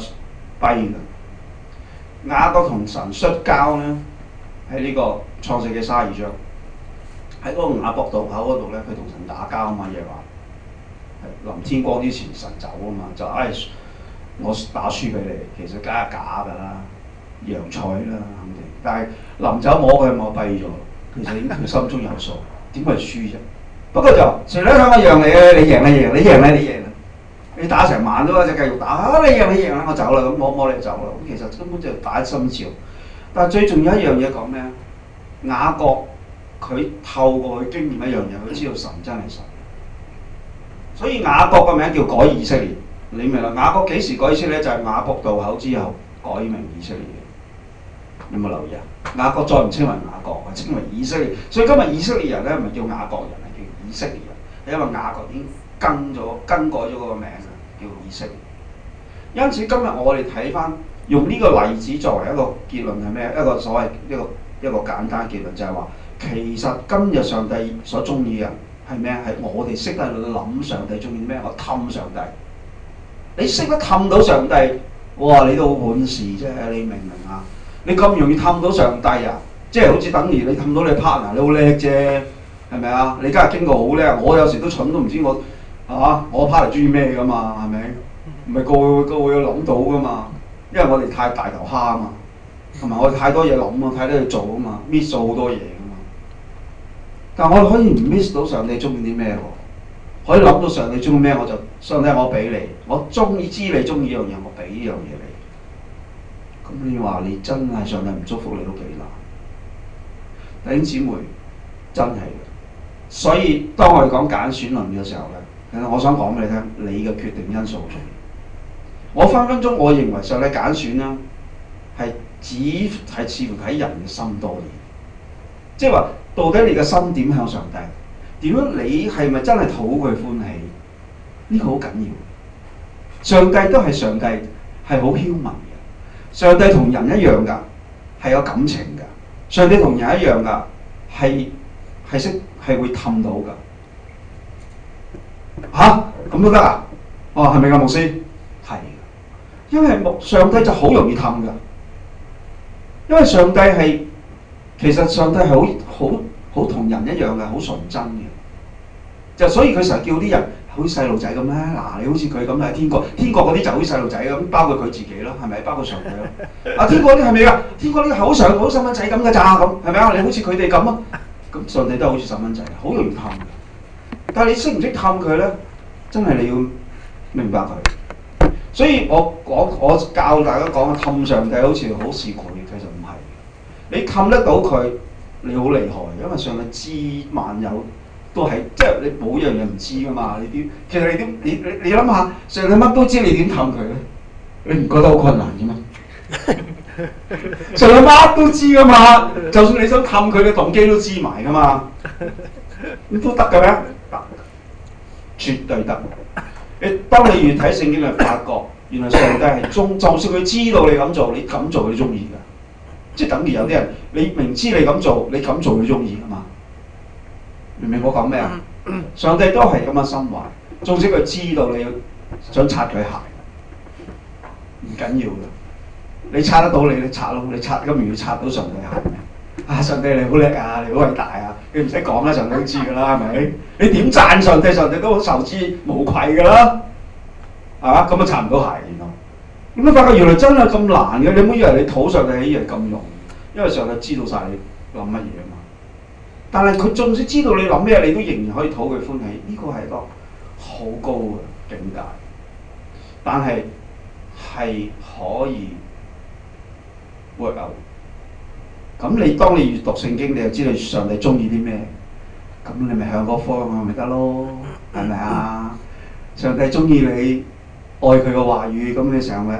跛嘅。雅各同神摔跤咧，喺呢個創世記卅二章，喺嗰個雅博渡口嗰度咧，佢同神打交啊嘛，又話臨天光之前神走啊嘛，就唉，我打輸俾你，其實梗係假㗎啦，贏彩啦肯定，但係臨走摸佢，摸跛咗。 其實佢心中有數，點會輸啫？不過就誰都想我讓你咧，你贏咧贏，你贏咧你贏啦，你打成晚都咗就繼續打，啊、你贏你贏啦，我走啦咁，我我哋走啦。其實根本就打心潮，但最重要一樣嘢講咩？雅各佢透過佢經驗一樣嘢，佢知道神真係神。所以雅各個名叫改以色列，你明啦？雅各幾時改以色列？就係、係、雅各渡口之後改名以色列。有冇留意啊？雅各再唔稱為雅各，稱為以色列。所以今日以色列人咧，唔係叫雅各人，係叫以色列人，因為雅各已經更咗更改咗嗰個名啊，叫以色列。因此今日我哋睇翻用呢個例子作為一個結論係咩？一個所謂一個一個簡單結論就係話，其實今日上帝所中意嘅人係咩？係我哋識得去諗上帝中意咩？我氹上帝。你識得氹到上帝，哇！你都好本事啫，你明唔明啊？你咁容易氹到上帝啊？即係好似等於你氹到你 partner，你好叻啫，係咪啊？你今日經過好叻，我有時都蠢都唔知我嚇、啊，我 partner 中意咩噶嘛？係咪？唔係個個個會諗到噶嘛？因為我哋太大頭蝦啊嘛，同埋我哋太多嘢諗啊，太多嘢做啊嘛，miss 咗好多嘢啊嘛。但係我可以唔 miss 到上帝中意啲咩喎？可以諗到上帝中意咩，我就上帝我俾你，我中意知你中意呢樣嘢，我俾呢樣嘢你。咁你話你真係上帝唔祝福你都幾難，弟兄姊妹真係，所以當我哋講揀選論嘅時候咧，其實我想講俾你聽，你嘅決定因素最。我分分鐘，我認為上帝揀選啦，係只係似乎睇人嘅心多啲。即係話，到底你嘅心點向上帝？點樣你係咪真係討佢歡喜？呢個好緊要。上帝都係上帝，係好謙謐。上帝同人一樣噶，係有感情噶。上帝同人一樣噶，係係識係會氹到噶。吓，咁都得啊？哦、啊，係咪啊是是，牧師？係，因為牧上帝就好容易氹噶，因為上帝係其實上帝係好好好同人一樣嘅，好純真嘅，就所以佢成日叫啲人。好似細路仔咁咧，嗱你好似佢咁啊，天國天國嗰啲就好似細路仔咁，包括佢自己咯，係咪？包括上帝咯？啊，天國啲係咪啊？天國啲好上帝好似細蚊仔咁嘅咋咁，係咪啊？你好似佢哋咁啊？咁上帝都好似細蚊仔，好容易氹嘅。但係你識唔識氹佢咧？真係你要明白佢。所以我講我，我教大家講啊，氹上帝好似好似佢，其實唔係。你氹得到佢，你好厲害，因為上帝知萬有。都係，即係你冇一樣嘢唔知噶嘛？你點？其實你點？你你你諗下，上帝乜都知你，你點氹佢咧？你唔覺得好困難嘅咩？上帝乜都知噶嘛？就算你想氹佢嘅動機都知埋噶嘛？你都得嘅咩？得，絕對得。你當你越睇聖經嚟發覺，原來上帝係中，就算佢知道你咁做，你咁做佢中意㗎。即係等於有啲人，你明知你咁做，你咁做佢中意啊嘛？明明我講咩啊？上帝都係咁嘅心懷，總之佢知道你要想擦佢鞋，唔緊要嘅。你擦得到你，你擦咯，你擦，今要擦到上帝鞋啊！上帝你好叻啊，你好偉大啊！你唔使講啦，上帝都知噶啦，係咪？你點讚上帝？上帝都受之無愧噶啦，係、啊、嘛？咁啊擦唔到鞋原來。咁啊發覺原來真係咁難嘅，你唔好以為你討上帝啲人咁容易，因為上帝知道晒你諗乜嘢。但係佢即使知道你諗咩，你都仍然可以討佢歡喜，呢個係一個好高嘅境界。但係係可以 work out。咁你當你閲讀聖經，你就知道上帝中意啲咩。咁你咪向嗰方咪得咯，係咪啊？上帝中意你愛佢嘅話語，咁你成日咪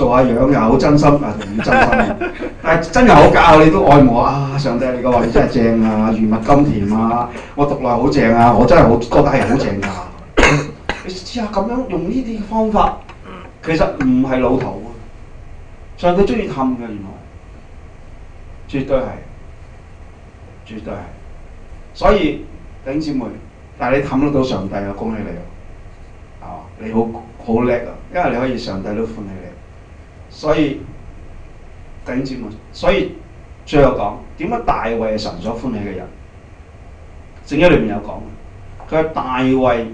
做下樣又好、啊、真心，同、啊、唔真心。但係真又好教，你都愛我。啊！上帝，你嘅話你真係正啊！如蜜甘甜啊！我讀落好正啊！我真係好覺得係好正㗎、啊。你試下咁樣用呢啲方法，其實唔係老頭。上帝中意氹嘅原來，絕對係，絕對係。所以頂姊妹，嗱你氹得到上帝啊！恭喜你啊！你好好叻啊！因為你可以上帝都歡喜你。所以點知嘛？所以最後講點解大衛係神所歡喜嘅人？聖經裏面有講，佢大衛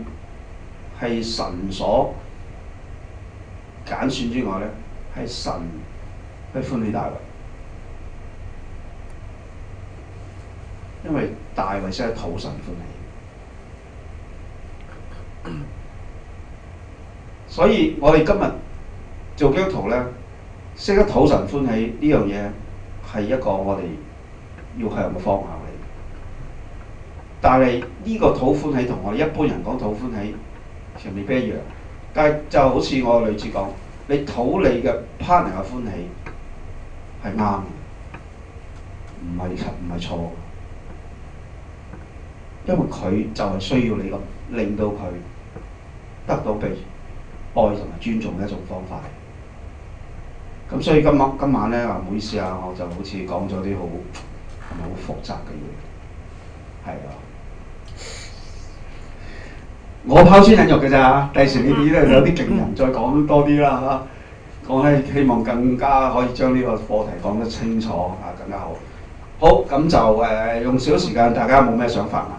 係神所揀選之外呢，係神去歡喜大衛，因為大衛先係討神歡喜。所以我哋今日做基督徒呢。識得討神歡喜呢樣嘢，係、這個、一個我哋要向嘅方向嚟。但係呢個討歡喜同我哋一般人講討歡喜，其實未必一樣。但係就好我似我個女子講，你討你嘅 partner 嘅歡喜係啱嘅，唔係，唔係錯。因為佢就係需要你咁，令到佢得到被愛同埋尊重嘅一種方法。咁所以今晚今晚咧，唔好意思啊，我就好似講咗啲好，係咪好複雜嘅嘢？係啊，我拋磚引玉嘅咋，第時你哋咧有啲勁人再講多啲啦嚇。我咧希望更加可以將呢個課題講得清楚啊，更加好。好咁就誒、呃、用少少時間，大家有冇咩想法啊？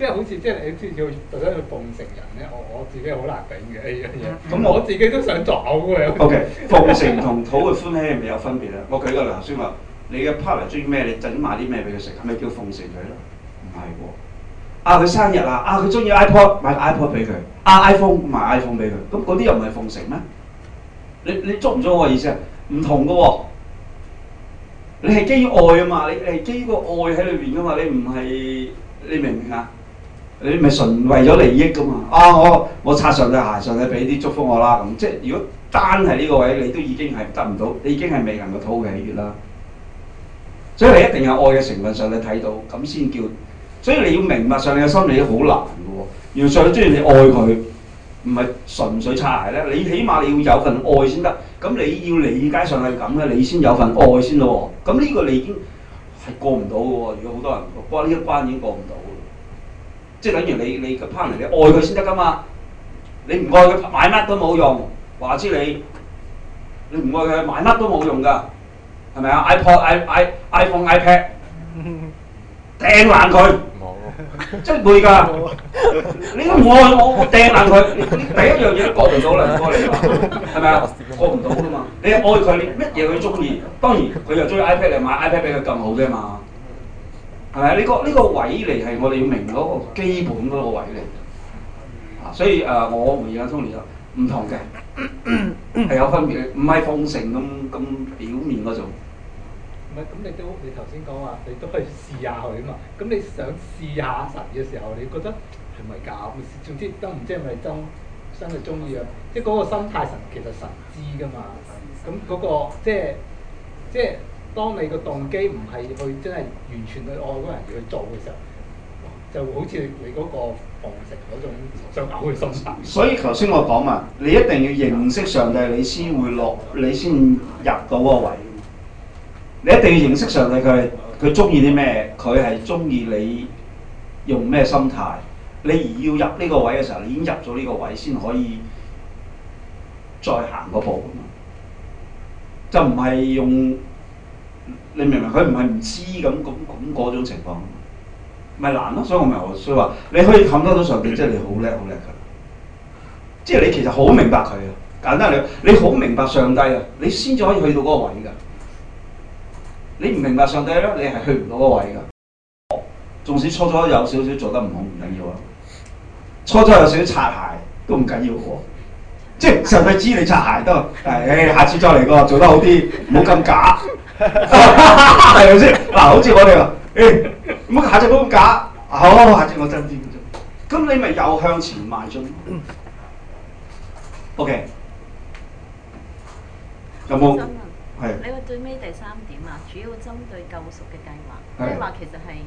即係好似即係你之前特登去奉承人咧，我我自己好難頂嘅呢樣嘢。咁、哎、我，我自己都想作嘔嘅。O、okay, K，奉承同討好歡喜係咪有分別咧？我舉個例先話，你嘅 partner 中意咩，你整買啲咩俾佢食，係咪叫奉承佢咯？唔係喎，啊佢生日啊，啊佢中意 iPad，買個 iPad 俾佢，啊 iPhone 買 iPhone 俾佢，咁嗰啲又唔係奉承咩？你你捉唔捉我意思啊？唔同嘅喎，你係基於愛啊嘛，你係基於個愛喺裏邊噶嘛，你唔係你明唔明啊？你咪純為咗利益噶嘛？啊，我我擦上對鞋，上嚟俾啲祝福我啦。咁即係如果單係呢個位，你都已經係得唔到，你已經係未能夠討嘅喜悅啦。所以你一定有愛嘅成分上你睇到，咁先叫。所以你要明白上你嘅心理好難嘅喎。要上，鍾意你愛佢，唔係純粹擦鞋咧。你起碼你要有份愛先得。咁你要理解上係咁咧，你先有份愛先咯。咁呢個你已經係過唔到嘅喎。如果好多人過呢一關已經過唔到。即係等於你你嘅 partner，你愛佢先得噶嘛？你唔愛佢買乜都冇用，話知你你唔愛佢買乜都冇用㗎，係咪啊？iPad、iPod, i i iPhone iPad，爛爛、iPad，掟爛佢，冇，真會㗎。 你都唔愛我，我掟爛佢，你第一樣嘢都過唔到啦，唔愛你，係咪啊？過唔到㗎嘛。你愛佢，你乜嘢佢中意，當然佢又中意 iPad，你買 iPad 俾佢更好啫嘛。係咪？呢個呢個位嚟，係我哋要明嗰個基本嗰個位嚟。啊，所以誒，我回阿聰年啦，唔同嘅，係 有分別嘅，唔係奉承咁咁表面嗰種。唔係、嗯，咁你都你頭先講話，你都可以試下佢啊嘛。咁你想試下神嘅時候，你覺得係咪假？總之都唔知係咪真真係中意啊？即係嗰個心態神其實神知㗎嘛。咁嗰、嗰個即係即係。當你個動機唔係去真係完全去愛嗰個人而去做嘅時候，就會好似你嗰個奉承嗰種想搞佢心態。所以頭先我講呀，你一定要認識上帝，你先會落，你先入到個位。你一定要認識上帝，佢佢中意啲咩？佢係中意你用咩心態？你而要入呢個位嘅時候，你已經入咗呢個位，先可以再行嗰步就唔係用。你明唔明？佢唔係唔知咁咁咁嗰種情況，咪難咯。所以我咪話，所以話你可以冚得到上帝，即係你好叻好叻㗎。即係你其實好明白佢啊。簡單嚟，你好明白上帝啊，你先至可以去到嗰個位㗎。你唔明白上帝咧，你係去唔到嗰個位㗎。哦、縱使初初有少少，少做得唔好唔緊要啊，初初有少少擦鞋都唔緊要喎。即係上帝知你擦鞋都，誒、哎、下次再嚟過，做得好啲，冇咁假。 係咪先？嗱， 好似我哋話，誒，唔好下隻咁假，好、哦、下隻我真啲嘅啫。咁你咪又向前邁進、嗯、OK，有冇？生是你話最尾第三點啊，主要針對救贖嘅計劃，即係話其實係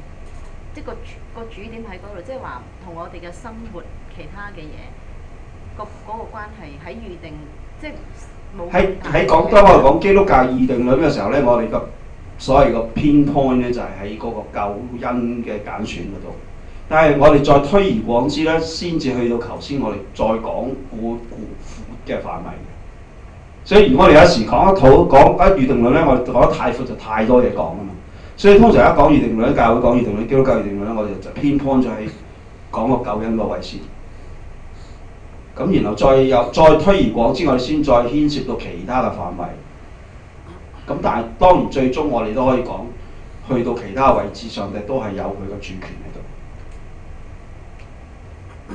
即、就是、個主個主點喺嗰度，即係話同我哋嘅生活其他嘅嘢個嗰個關係喺預定，即、就、係、是。喺喺講，當我哋講基督教預定論嘅時候咧，我哋個所謂個偏 point 咧，就係喺嗰個救恩嘅揀選嗰度。但係我哋再推而廣之咧，先至去到頭先我哋再講過個闊嘅範圍。所以如果我哋有時講一套講一預定論咧，我哋講得太闊就太多嘢講啊嘛。所以通常一講預定論，一教會講預定論，基督教預定論咧，我哋就偏 point 就係講個救恩個位先。咁然後再又再推而廣之外，先再牽涉到其他嘅範圍。咁但係當然最終我哋都可以講，去到其他位置上帝都係有佢嘅主權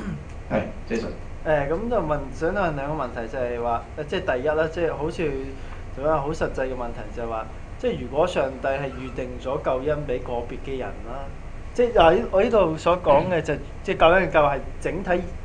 喺度。係 Jason 咁 就問想問兩個問題就，就係話，即係第一啦，即、就、係、是、好似仲有好實際嘅問題就，就係話，即係如果上帝係預定咗救恩俾個別嘅人啦，即係嗱，我呢度所講嘅就即係救恩嘅救係整體。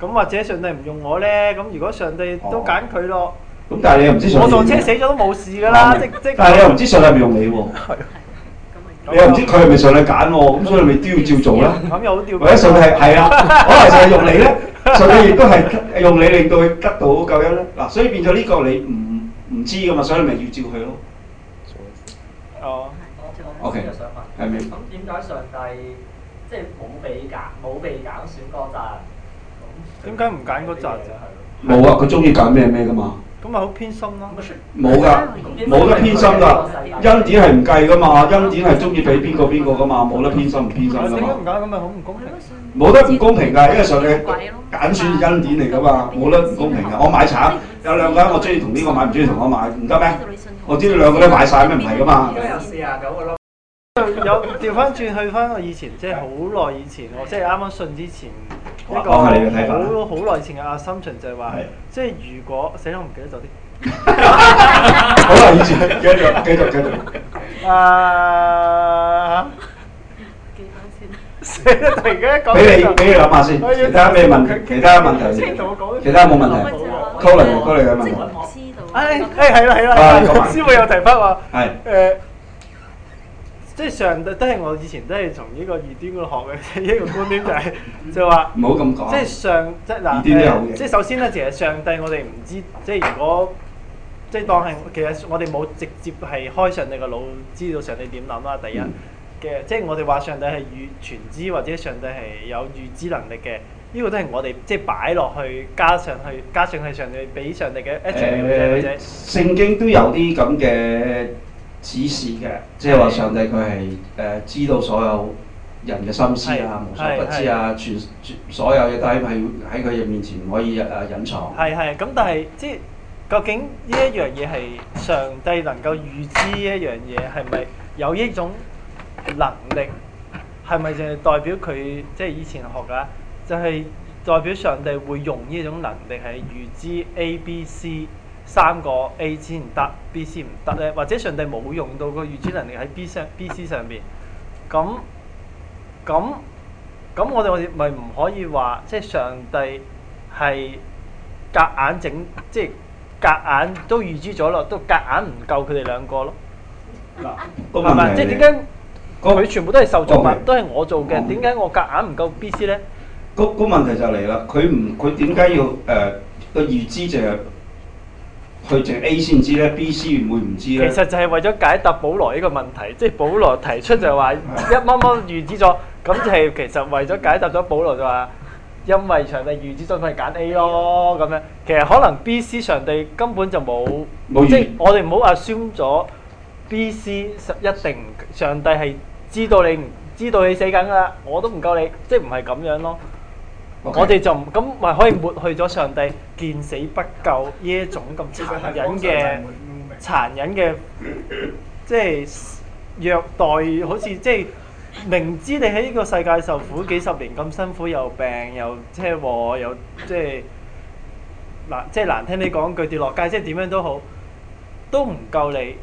咁或者上帝唔用我咧，咁如果上帝都揀佢咯，咁但係你又唔知上帝。我撞車死咗都冇事㗎啦，即即。但係你又唔知上帝係咪用你喎，你又唔知佢係咪上帝揀喎，咁所以咪都要照做啦。咁又好調。或者上帝係啊，可能就係用你咧，上帝亦都係用你令到佢得到救恩咧。嗱，所以變咗呢個你唔唔知㗎嘛，所以咪要照佢咯。哦，我 OK，想問，係咪？咁點解上帝即係冇被揀，冇被揀選嗰陣？點解唔揀嗰扎就係？冇啊！佢中意揀咩咩噶嘛？咁咪好偏心咯，啊？冇噶、啊，冇得偏心噶。恩典係唔計噶嘛？恩典係中意俾邊個邊個噶嘛？冇得偏心唔偏心噶嘛？咁咪好唔公平？冇得唔公平噶，因為上你揀選恩典嚟噶嘛，冇得唔公平噶。我買茶，有兩個，我中意同呢個買，唔中意同我買，唔得咩？我知道兩個都買晒，咩唔係噶嘛？有有掉翻轉去翻我以前，即係好耐以前， 我即係啱啱信之前。講下你嘅睇法。好，好耐前嘅 assumption 就係話，即係如果，死啦，唔記得咗啲。好耐以前，繼續，繼續，繼續。誒，幾多錢？死啦！突然間講俾你，俾你諗下先。其他咩問題？其他問題先。其他冇問題。高黎，高黎嘅問題。老師度。誒誒，係啦係啦。老師會有提筆喎。係。誒。即係上帝，都係我以前都係從呢個異端嗰度學嘅，一個觀點是就係就話，唔好咁講。即係上即嗱，即係首先咧，其實上帝我哋唔知，即係如果即係當係其實我哋冇直接係開上帝嘅腦，知道上帝點諗啦。第一嘅，嗯、即係我哋話上帝係預全知或者上帝係有預知能力嘅，呢、這個都係我哋即係擺落去加上去加上去，加上，去上帝俾上帝嘅。誒聖、呃就是、經都有啲咁嘅。指示嘅，即係話上帝佢係誒知道所有人嘅心思啊，是無所不知啊，全全，全所有嘢都係喺佢嘅面前唔可以誒隱、啊、藏。係係，咁但係即係究竟呢一樣嘢係上帝能夠預知呢一樣嘢，係咪有呢種能力？係咪就係代表佢即係以前學嘅？就係、是、代表上帝會用呢種能力係預知 A、B、C。三個 A 先唔得，B C 唔得咧，或者上帝冇用到個預知能力喺 B 上、B C 上邊。咁咁咁，我哋我哋咪唔可以話，即係上帝係夾硬整，即係夾硬都預知咗咯，都夾硬唔夠佢哋兩個咯。嗱，個問題即係點解佢全部都係受造物，都係我做嘅，點解我夾硬唔夠 B C 咧？個個問題就嚟啦，佢唔佢點解要誒個預知就係？佢淨係 A 先知咧，B、C 會唔會唔知咧？其實就係為咗解答保羅呢個問題，即係保羅提出就係話一摸摸預知咗，咁就係其實為咗解答咗保羅就話，因為上帝預知咗，佢係揀 A 咯咁樣。其實可能 B、C 上帝根本就冇，完即係我哋唔好話 assume 咗 B、C 一定上帝係知道你，唔知道你死緊噶啦，我都唔救你，即係唔係咁樣咯。我哋就唔咁，咪可以抹去咗上帝見死不救呢一種咁殘忍嘅殘忍嘅，即係虐待，好似即係明知你喺呢個世界受苦幾十年咁辛苦又病又車禍又即係難，即係難聽啲講句跌落街，即係點樣都好，都唔救你，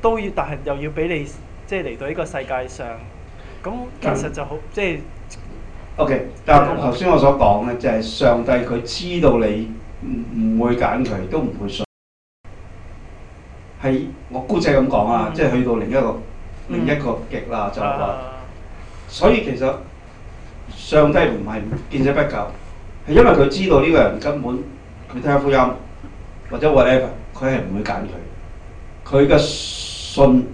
都要，但係又要俾你即係嚟到呢個世界上，咁其實就好即係。O.K. 但係我頭先我所講咧，就係、是、上帝佢知道你唔唔會揀佢，都唔會信。係我姑且咁講啊，嗯、即係去到另一個、嗯、另一個極啦，就係話。所以其實上帝唔係見死不救，係因為佢知道呢個人根本佢聽下福音或者 whatever，佢係唔會揀佢。佢嘅信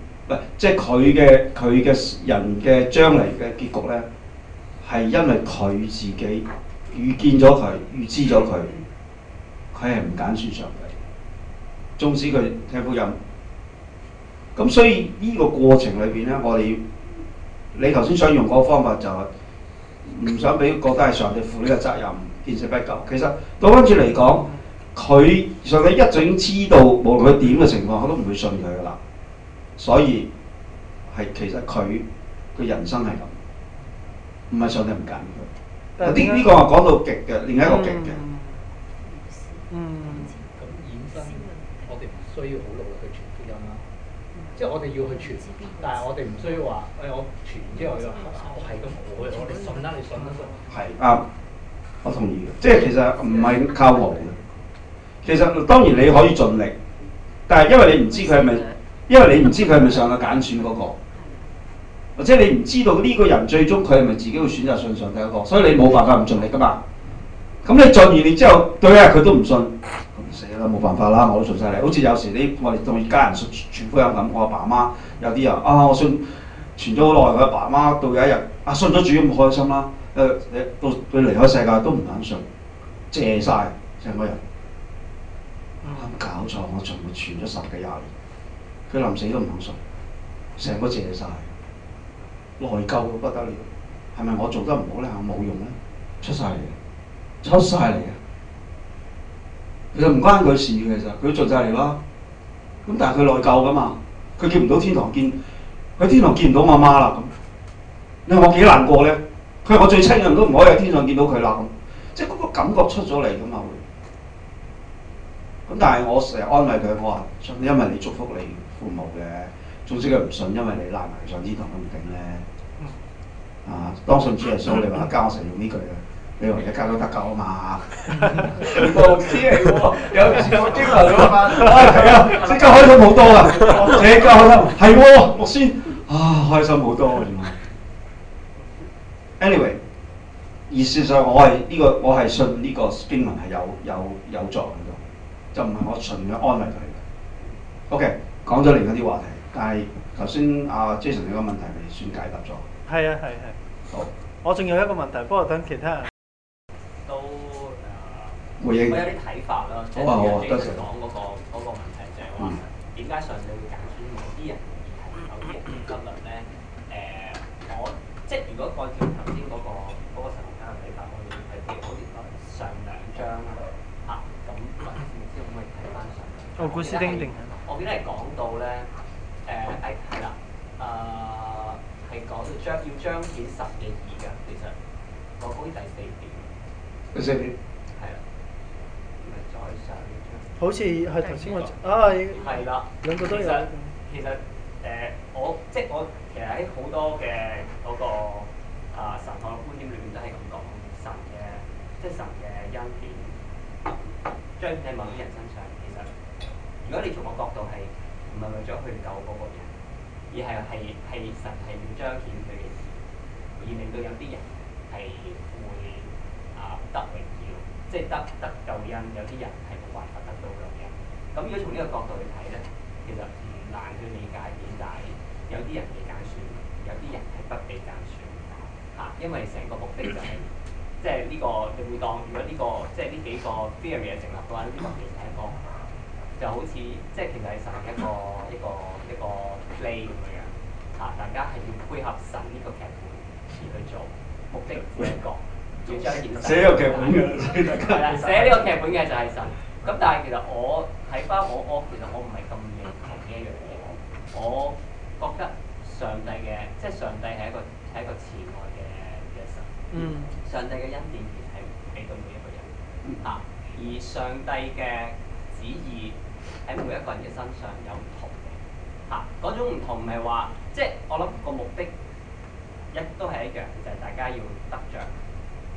即係佢嘅佢嘅人嘅將嚟嘅結局咧。係因為佢自己預見咗佢，預知咗佢，佢係唔揀選上帝。縱使佢聽福音，咁所以呢個過程裏邊咧，我哋你頭先想用嗰個方法就唔想俾覺得係上帝負呢個責任，見死不救。其實倒翻轉嚟講，佢上帝一早已經知道無論佢點嘅情況，我都唔會信佢噶啦。所以係其實佢嘅人生係咁。唔係上帝唔揀，但呢這呢個話講到極嘅，另一個極嘅、嗯，嗯，咁衍生，我哋唔需要好努力去傳福音啦。即係我哋要去傳，但係我哋唔需要話，誒我傳完之後又，我係咁，我我哋信啦，你信啦，係啊，我同意嘅。即係 其實唔係靠我嘅，其實當然你可以盡力，但係因為你唔知佢係咪，因為你唔知佢係咪上嘅揀選嗰、那個。或者你唔知道呢個人最終佢係咪自己會選擇信上帝一個，所以你冇辦法唔盡力㗎嘛。咁你盡完力之後，對啊，佢都唔信，死啦冇辦法啦，我都盡晒力。好似有時你，我哋同家人傳福音咁，我阿爸阿媽有啲人，啊我信傳咗好耐，佢阿爸阿媽到有一日啊信咗主咁開心啦，誒到佢離開世界都唔肯信，謝晒。成個人。搞錯，我從來傳咗十幾廿年，佢臨死都唔肯信，成個謝晒。內疚到不得了，係咪我做得唔好咧？冇用咧，出晒嚟嘅，出晒嚟啊！其實唔關佢事嘅，其實佢做晒嚟囉。咁但係佢內疚噶嘛，佢見唔到天堂見，佢天堂見唔到阿媽啦咁。你話我幾難過咧？佢話我最親人都唔可以喺天上見到佢啦咁，即係嗰個感覺出咗嚟噶嘛。會。咁但係我成日安慰佢，我話出因為你祝福你父母嘅，總之，佢唔信，因為你拉埋上天堂都唔頂咧。啊，當信主耶穌，你話加我成日用呢句啊，你話一家都得救啊嘛，有牧師嚟喎，有有經文啊嘛，係啊，即刻、啊、開心好多 啊，即刻開心，係喎牧師，啊開心好多 anyway 意思上我係呢、這個，我係信呢個經文係有有有助喺度，就唔係我純嘅安慰佢。OK，講咗另一啲話題，但係頭先阿 Jason 有個問題未算解答咗。係啊，係係、啊。好。我仲有一個問題，不過等其他人，都誒、回應，我有啲睇法啦。我話我話，剛才講嗰個嗰個問題，就係話點解上你會揀選某啲人而係有啲人嘅質論咧？誒、呃，我即係如果按照頭先嗰個嗰、那個嘅睇法，我哋係好似係上兩張咁，嚇，咁唔知可唔可以睇翻上？哦，古斯丁，我記得係講到咧，誒、呃，係、欸、啦，誒、啊。啊啊啊啊啊講到將要彰顯神嘅義嘅、呃，其實我講緊第四點。第四點。係啦，咪再上。好似係頭先我啊，係。係啦，兩個都想。其實其實我即係我其實喺好多嘅嗰個啊神，學觀點裏面都係咁講神嘅，即係神嘅恩典彰顯喺某啲人身上。其實如果你從個角度係唔係為咗去救嗰個人？而係係係神係要彰顯佢嘅事，而令到有啲人係會啊、呃、得榮耀，即係得得救恩。有啲人係冇辦法得到咁樣。咁如果從呢個角度去睇咧，其實唔難去理解點解有啲人被揀選，有啲人係不被揀選。嚇、啊，因為成個目的就係、是、 即係呢、這個，你會當如果呢、這個即係呢幾個 theory 成立都喺呢方面嚟講。就好似即係其實係神一個一個一個,一個 play 咁、啊、樣，嚇大家係要配合神呢個劇本而去做目的主角，做出一件寫個劇本㗎，所但寫呢個劇本嘅就係神。咁、 嗯嗯、但係其實我睇翻我我其實我唔係咁認同嘅一樣嘢，我覺得上帝嘅即係上帝係一個係一個慈愛嘅嘅神。嗯。上帝嘅恩典其實係俾到每一個人。嗯、啊。而上帝嘅旨意。喺每一個人嘅身上有唔同嘅，嚇、啊、嗰種唔同唔係話，即、就、係、是、我諗個目的一都係一樣，就係、是、大家要得着、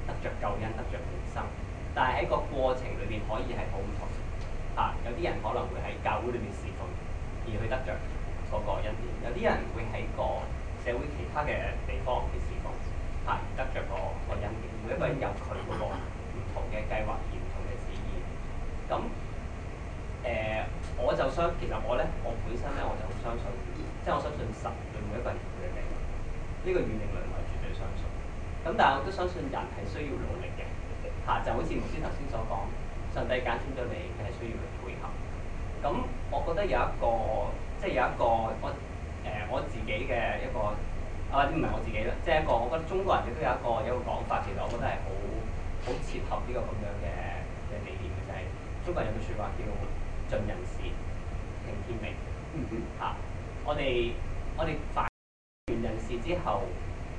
得着救恩，得着永生。但係喺個過程裏邊可以係好唔同，嚇、啊、有啲人可能會喺教會裏面侍奉而去得着嗰個恩典，有啲人會喺個社會其他嘅地方去侍奉，嚇、啊、得著、嗰個、嗰個恩典，每一個人有佢嗰個唔同嘅計劃而唔同嘅旨意。咁誒。呃我就相，其實我咧，我本身咧，我就好相信，即係我相信神對每一個人原理嘅，呢個個原理我係絕對相信。咁、嗯、但係我都相信人係需要努力嘅，吓、嗯就是、就好似牧師頭先所講上帝揀選咗你，佢係需要你配合。咁、嗯、我覺得有一個即係、就是、有一個我誒、呃、我自己嘅一個啊，唔係我自己啦，即、就、係、是、一個我覺得中國人亦都有一個有一個講法，其實我覺得係好好切合呢個咁樣嘅嘅理念嘅，就係、是、中國人有個說話叫盡人事。明你，嗯我哋我哋辦完人事之後，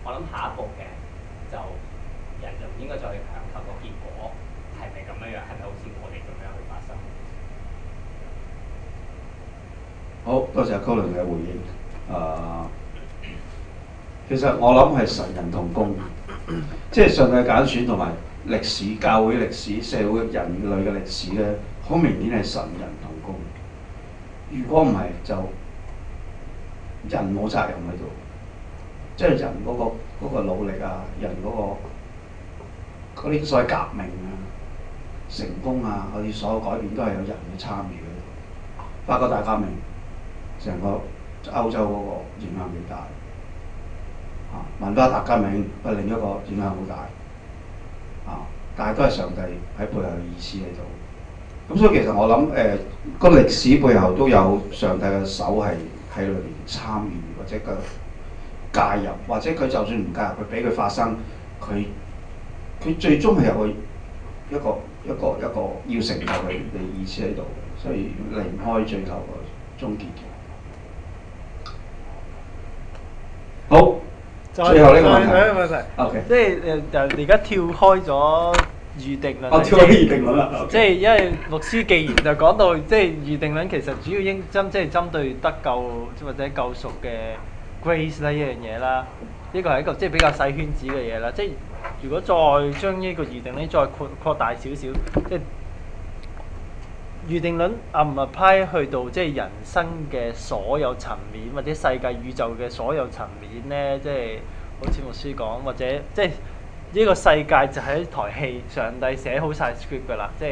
我諗下一步嘅就人就應該再去強求個結果係咪咁樣樣？係咪好似我哋咁樣去發生？好多謝阿 Colin 嘅回應。誒、uh，其實我諗係神人同工，即係上帝揀選同埋歷史、教會歷史、社會人類嘅歷史咧，好明顯係神人同工。如果唔係，就人冇責任喺度，即、就、將、是、人嗰、嗰個嗰個努力啊，人嗰、嗰個嗰啲所謂革命啊、成功啊，好似所有改變都係有人去參與嘅。法國大革命成個歐洲嗰個影響幾大啊，文化大革命係另一個影響好大啊，但係都係上帝喺背後意思喺度。咁所以其實我諗誒個歷史背後都有上帝嘅手係喺裏面參與，或者佢介入，或者佢就算唔介入，佢俾佢發生，佢佢最終係有個一個一個一個,一個要成就嘅意思喺度，所以離唔開最後個終結嘅。好，來最後呢個問題，Okay. 即係誒就而家跳開咗。預定論，即係因為 律師既然就講到，即係預定論其實主要應針即係針對得救或者救贖嘅 grace 呢一樣嘢啦，呢個係一個即係比較細圈子嘅嘢啦。即係如果再將呢個預定呢再擴擴大少少，即係預定論 apply 去到即係人生嘅所有層面，或者世界宇宙嘅所有層面咧，即係好似律師講，或者即係。呢個世界就係一台戲，上帝寫好曬 script 㗎啦，即係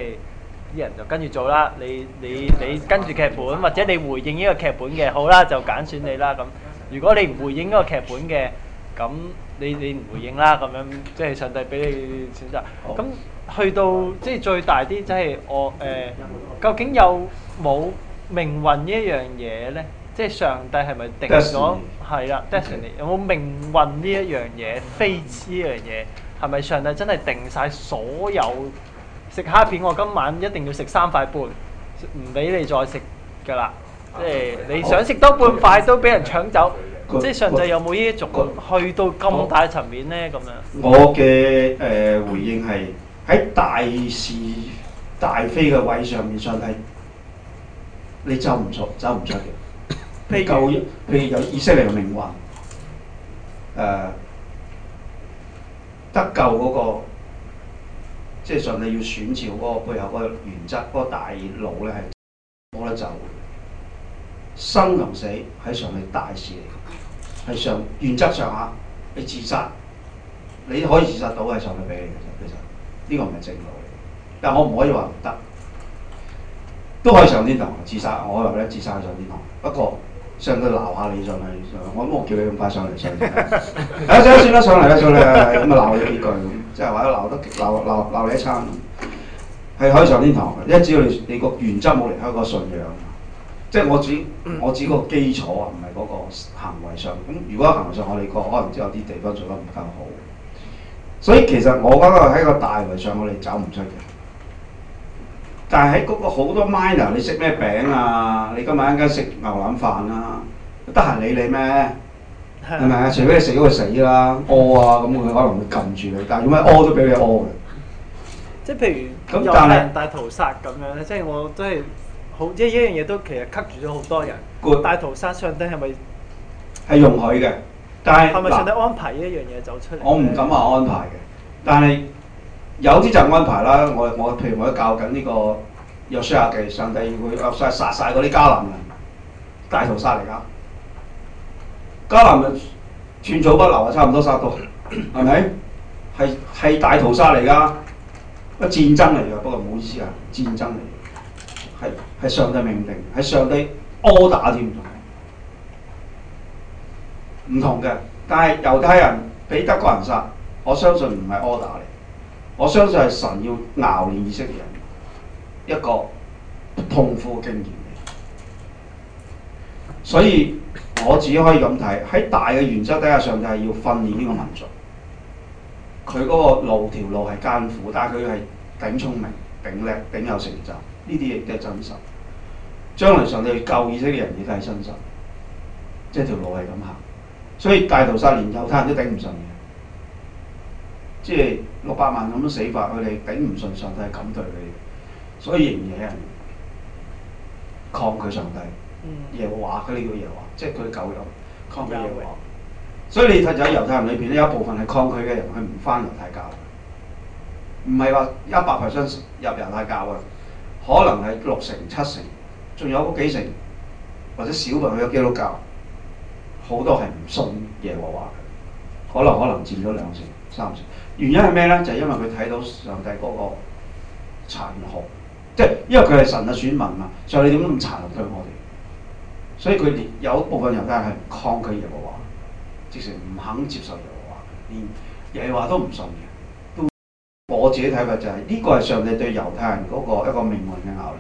啲人就跟住做啦。你你你跟住劇本，或者你回應呢個劇本嘅，好啦就揀選你啦咁。如果你唔回應嗰個劇本嘅，咁你你唔回應啦咁樣，即係上帝俾你選擇。咁去到即係最大啲，即係我誒，究竟有冇命運呢一樣嘢咧？即係上帝係咪定咗？係啦，destiny 有冇命運呢一樣嘢？face 呢樣嘢？係咪上帝真係定曬所有食蝦片？我今晚一定要食三塊半，唔俾你再食㗎啦！即係你想食多半塊都俾人搶走，即係上帝有冇呢種去到咁大層面咧？咁樣我嘅誒回應係喺大是大非嘅位上面上嚟，你走唔出，走唔出嘅。譬如舊，譬如有以色列嘅命運，誒。得救嗰，那個，即，就，係，是，上帝要選召嗰，那個背後嗰個原則嗰，那個大路咧，係冇得走。生同死係上帝大事嚟，係上原則上下，啊，你自殺，你可以自殺到嘅上帝俾你嘅，其實呢個唔係正路嚟。但我唔可以話唔得，都可以上天堂自殺。我話咧自殺上天堂，不過。上都鬧下你上嚟上去，我冇叫你咁快上嚟上。誒，算啦上嚟啦上嚟，咁啊鬧咗幾句咁，即係話鬧得鬧鬧鬧你一餐，係可以上天堂嘅。因為只要你你個原則冇離開個信仰，即係我只我只個基礎啊，唔係嗰個行為上。咁如果行為上我哋個可能只有啲地方做得唔夠好，所以其實我覺得喺個大圍上我哋走唔出嘅。但係喺嗰個好多 miner，你食咩餅啊？你今晚一間食牛腩飯啦，啊，得閒理你咩？係咪啊？除非你食咗佢死啦，屙啊咁，佢可能會撳住你。但係如果屙都俾你屙嘅，即係譬如但係大屠殺咁樣咧，是即係我都係好，即係一樣嘢都其實 cut 住咗好多人。大 Good. 屠殺上帝係咪？係容許嘅，但係係咪上帝安排呢一樣嘢走出嚟，啊？我唔敢話安排嘅，但係。有啲就安排啦，我我譬如我教緊、這、呢個約書亞記，上帝會殺殺曬嗰啲迦南人，大屠殺嚟噶，迦南人寸草不留啊，差唔多殺到，係咪？係係大屠殺嚟噶，乜戰爭嚟㗎？不過不好意思啊，戰爭嚟，係係上帝命令，係上帝 o 打 d e r 添，唔同嘅。但係猶太人俾德國人殺，我相信唔係 o 打嚟。我相信係神要熬練以色列人一個痛苦經驗嚟。所以我自己可以咁睇，喺大嘅原則底下上就係要訓練呢個民族，佢嗰個路條路係艱苦，但係佢係頂聰明、頂叻、頂有成就，呢啲亦都係真實。將來上帝救以色列人亦都係真實，即係條路係咁行，所以大屠殺連猶太人都頂唔順。即係六百萬咁樣死法，佢哋頂唔順上，上帝係咁對佢哋，所以仍然有人抗拒上帝，嗯、耶和華佢呢個耶和華，即係佢狗肉抗拒耶和華。嗯、所以你睇在猶太人裏邊咧，有一部分係抗拒嘅人，佢唔翻猶太教，唔係話一百 percent 入猶太教啊，可能係六成七成，仲有嗰幾成或者小朋友有基督教，好多係唔信耶和華嘅，可能可能佔咗兩成三成。原因係咩咧？就係、是、因為佢睇到上帝嗰個殘酷，即係因為佢係神嘅選民嘛，上帝點解咁殘酷對我哋，所以佢哋有一部分猶太人係抗拒耶和華，直情唔肯接受耶和華，連耶和華都唔信嘅。都我自己睇法就係、是、呢、這個係上帝對猶太人嗰個一個命運嘅熬煉，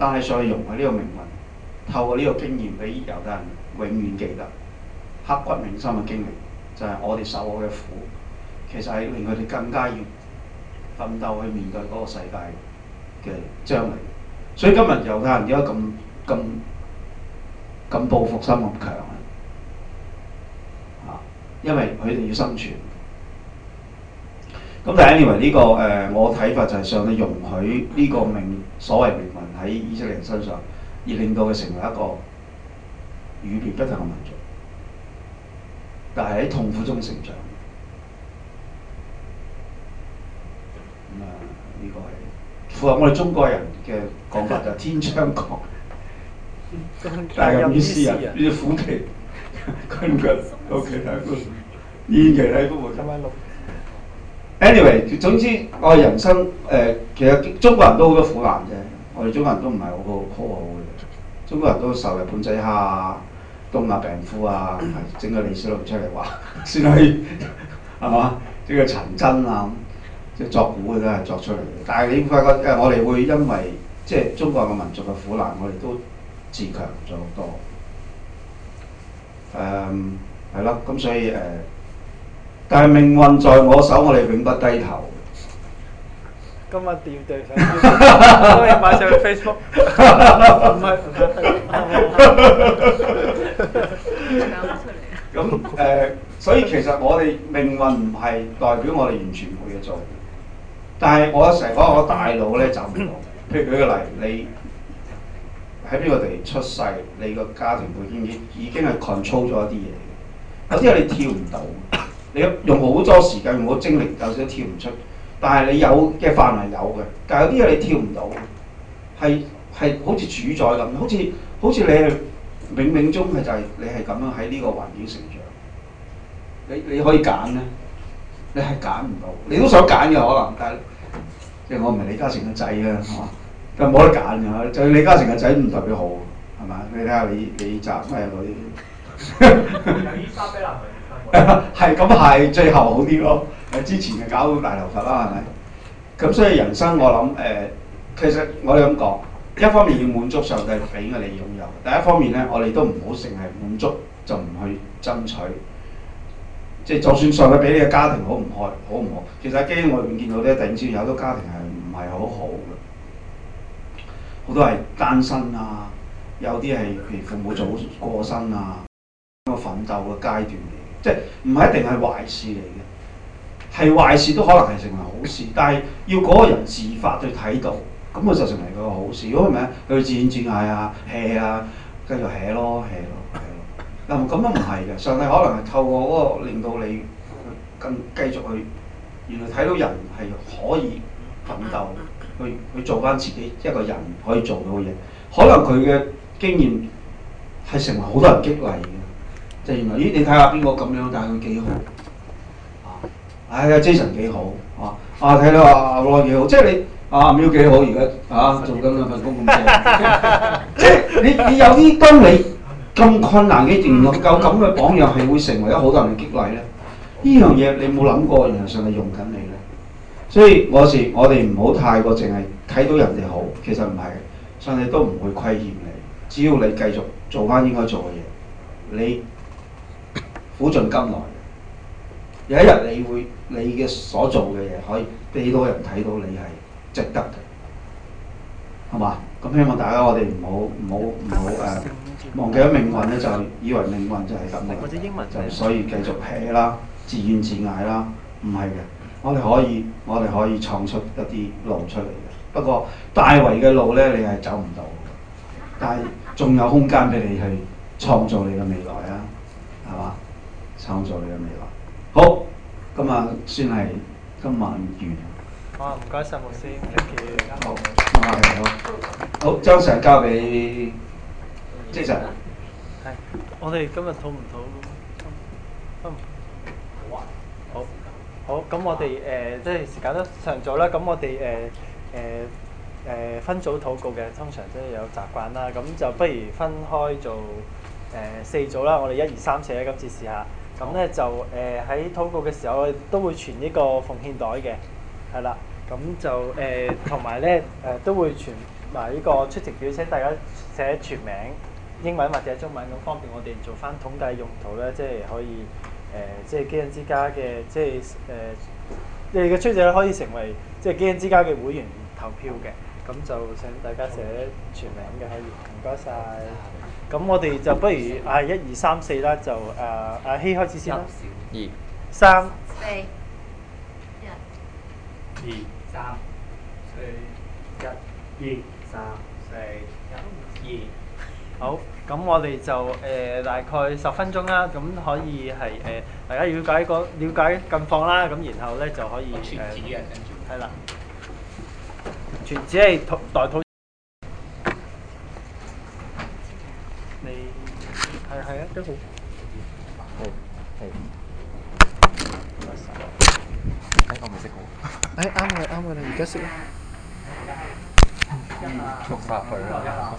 但係上帝容許呢個命運，透過呢個經驗俾猶太人永遠記得，刻骨銘心嘅經歷，就係、是、我哋受我嘅苦。其實係令佢哋更加要奮鬥去面對嗰個世界嘅將嚟，所以今日猶太人點解咁咁咁報復心咁強啊？因為佢哋要生存。咁大家認為呢個誒、呃，我睇法就係上帝容許呢個命，所謂命運喺以色列人身上，而令到佢成為一個與別不同嘅民族，但係喺痛苦中成長。呢個係符合我哋中國人嘅講法就天窗講，但係意思啊，呢啲苦劇，跟住到其他部，依其他部冇。Anyway，總之我人生誒、呃，其實中國人都好多苦難啫。我哋中國人都唔係好好過好嘅，中國人都受日本仔蝦啊、東亞病夫啊，整個歷史路出嚟話算係係嘛，即個陳真啊作古嘅都係作出嚟嘅，但係你會發覺誒，我哋會因為即係中國嘅民族嘅苦難，我哋都自強咗好多。誒，係咯，咁所以誒，但係命運在我手，我哋永不低頭。今日點對上，都要擺上去 Facebook。唔係唔係。咁誒，所以其實我哋命運唔係代表我哋完全冇嘢做。但係我成日講我大腦咧就唔同，譬如舉個例，你喺邊個地出世，你個家庭背景已已經係 control 咗一啲嘢。有啲嘢你跳唔到，你用好多時間用好多精力，有時都跳唔出。但係你有嘅範圍有嘅，但係有啲嘢你跳唔到，係係好似主宰咁，好似好似你冥冥中係就係、是、你係咁樣喺呢個環境成長。你你可以揀咧，你係揀唔到，你都想揀嘅可能，但係。即係我唔係李嘉誠嘅仔啊，係嘛？咁冇得揀㗎，就李嘉誠嘅仔唔代表好，係嘛？你睇下李李澤咩女？有係咁係最後好啲咯，之前嘅搞大頭髮啦，係咪？咁所以人生我諗誒、呃，其實我哋咁講，一方面要滿足上帝俾我哋擁有，第一方面咧，我哋都唔好淨係滿足就唔去爭取。即係，就算上去俾你嘅家庭好唔開，好唔好？其實喺基恩外邊見到咧，突然之間有好多家庭係唔係好好嘅，好多係單身啊，有啲係佢父母早過身啊，咁啊奮鬥嘅階段嚟，即係唔係一定係壞事嚟嘅，係壞事都可能係成為好事，但係要嗰個人自發去睇到，咁佢就成為個好事，如果咩咪，佢自漸漸係啊 hea 啊，繼續 hea 咯 hea。咁都唔係嘅，上帝可能係透過嗰個令到你更繼續去原來睇到人係可以奮鬥，去去做翻自己一個人可以做到嘅嘢。可能佢嘅經驗係成為好多人激勵嘅，即係原來咦你睇下邊個咁樣，但係佢幾好啊，哎呀好啊？唉，Jason 幾好啊？啊睇到阿羅幾好，即係你啊 Miu 幾好而家啊做緊兩份工咁正，即係你你有啲功你，咁困難嘅仍然能夠咁嘅榜樣係會成為咗好多人嘅激勵咧，呢樣嘢你冇諗過，原來上帝係用緊你咧。所以我話我哋唔好太過淨係睇到人哋好，其實唔係，上帝都唔會虧欠你，只要你繼續做翻應該做嘅嘢，你苦盡甘來。有一日你會，你嘅所做嘅嘢可以俾到人睇到你係值得嘅，好嘛？咁希望大家我哋唔好唔好唔好誒。忘記咗命運咧，就以為命運就係咁樣，或者英文就所以繼續撇啦，自怨自艾啦，唔係嘅，我哋可以，我哋可以創出一啲路出嚟嘅。不過大圍嘅路咧，你係走唔到，但係仲有空間俾你去創造你嘅未來啊，係嘛？創造你嘅未來。好，咁先係今晚完。啊、哦，唔該曬師母先，thank you。好，好，好，好，將上交俾。正常啊，係。我哋今日禱唔禱？好啊！好，好，咁，我哋誒即係時間都尚早長咗啦。咁我哋誒誒誒分組禱告嘅，通常即係有習慣啦。咁就不如分開做誒四組啦。我哋一二三四咧，今次試下。咁咧就誒喺禱告嘅時候都會傳呢個奉獻袋嘅，係啦。咁就誒同埋咧誒都會傳埋呢個出席表，請大家寫全名，英文或者中文，咁方便我哋做翻統計用途咧，即係可以誒、呃，即係基恩之家嘅，即係誒、呃，你哋嘅出席可以成為即係基恩之家嘅會員投票嘅，咁、嗯嗯、就請大家寫全名嘅可以，唔該晒，咁、嗯、我哋就不如啊，一二三四啦，就誒阿希開始先啦。一、二、三、四、一、二、三、四、一、二、三、四、一二。好。咁我哋就誒大概十分鐘啦，咁可以係誒大家瞭解個瞭解近況啦，咁然後咧就可以傳紙嘅，係啦，傳紙係代禱。你係，係啊，都好。係係。哎，我唔識講。哎，啱嘅啱嘅，你而家識？六十八分啊！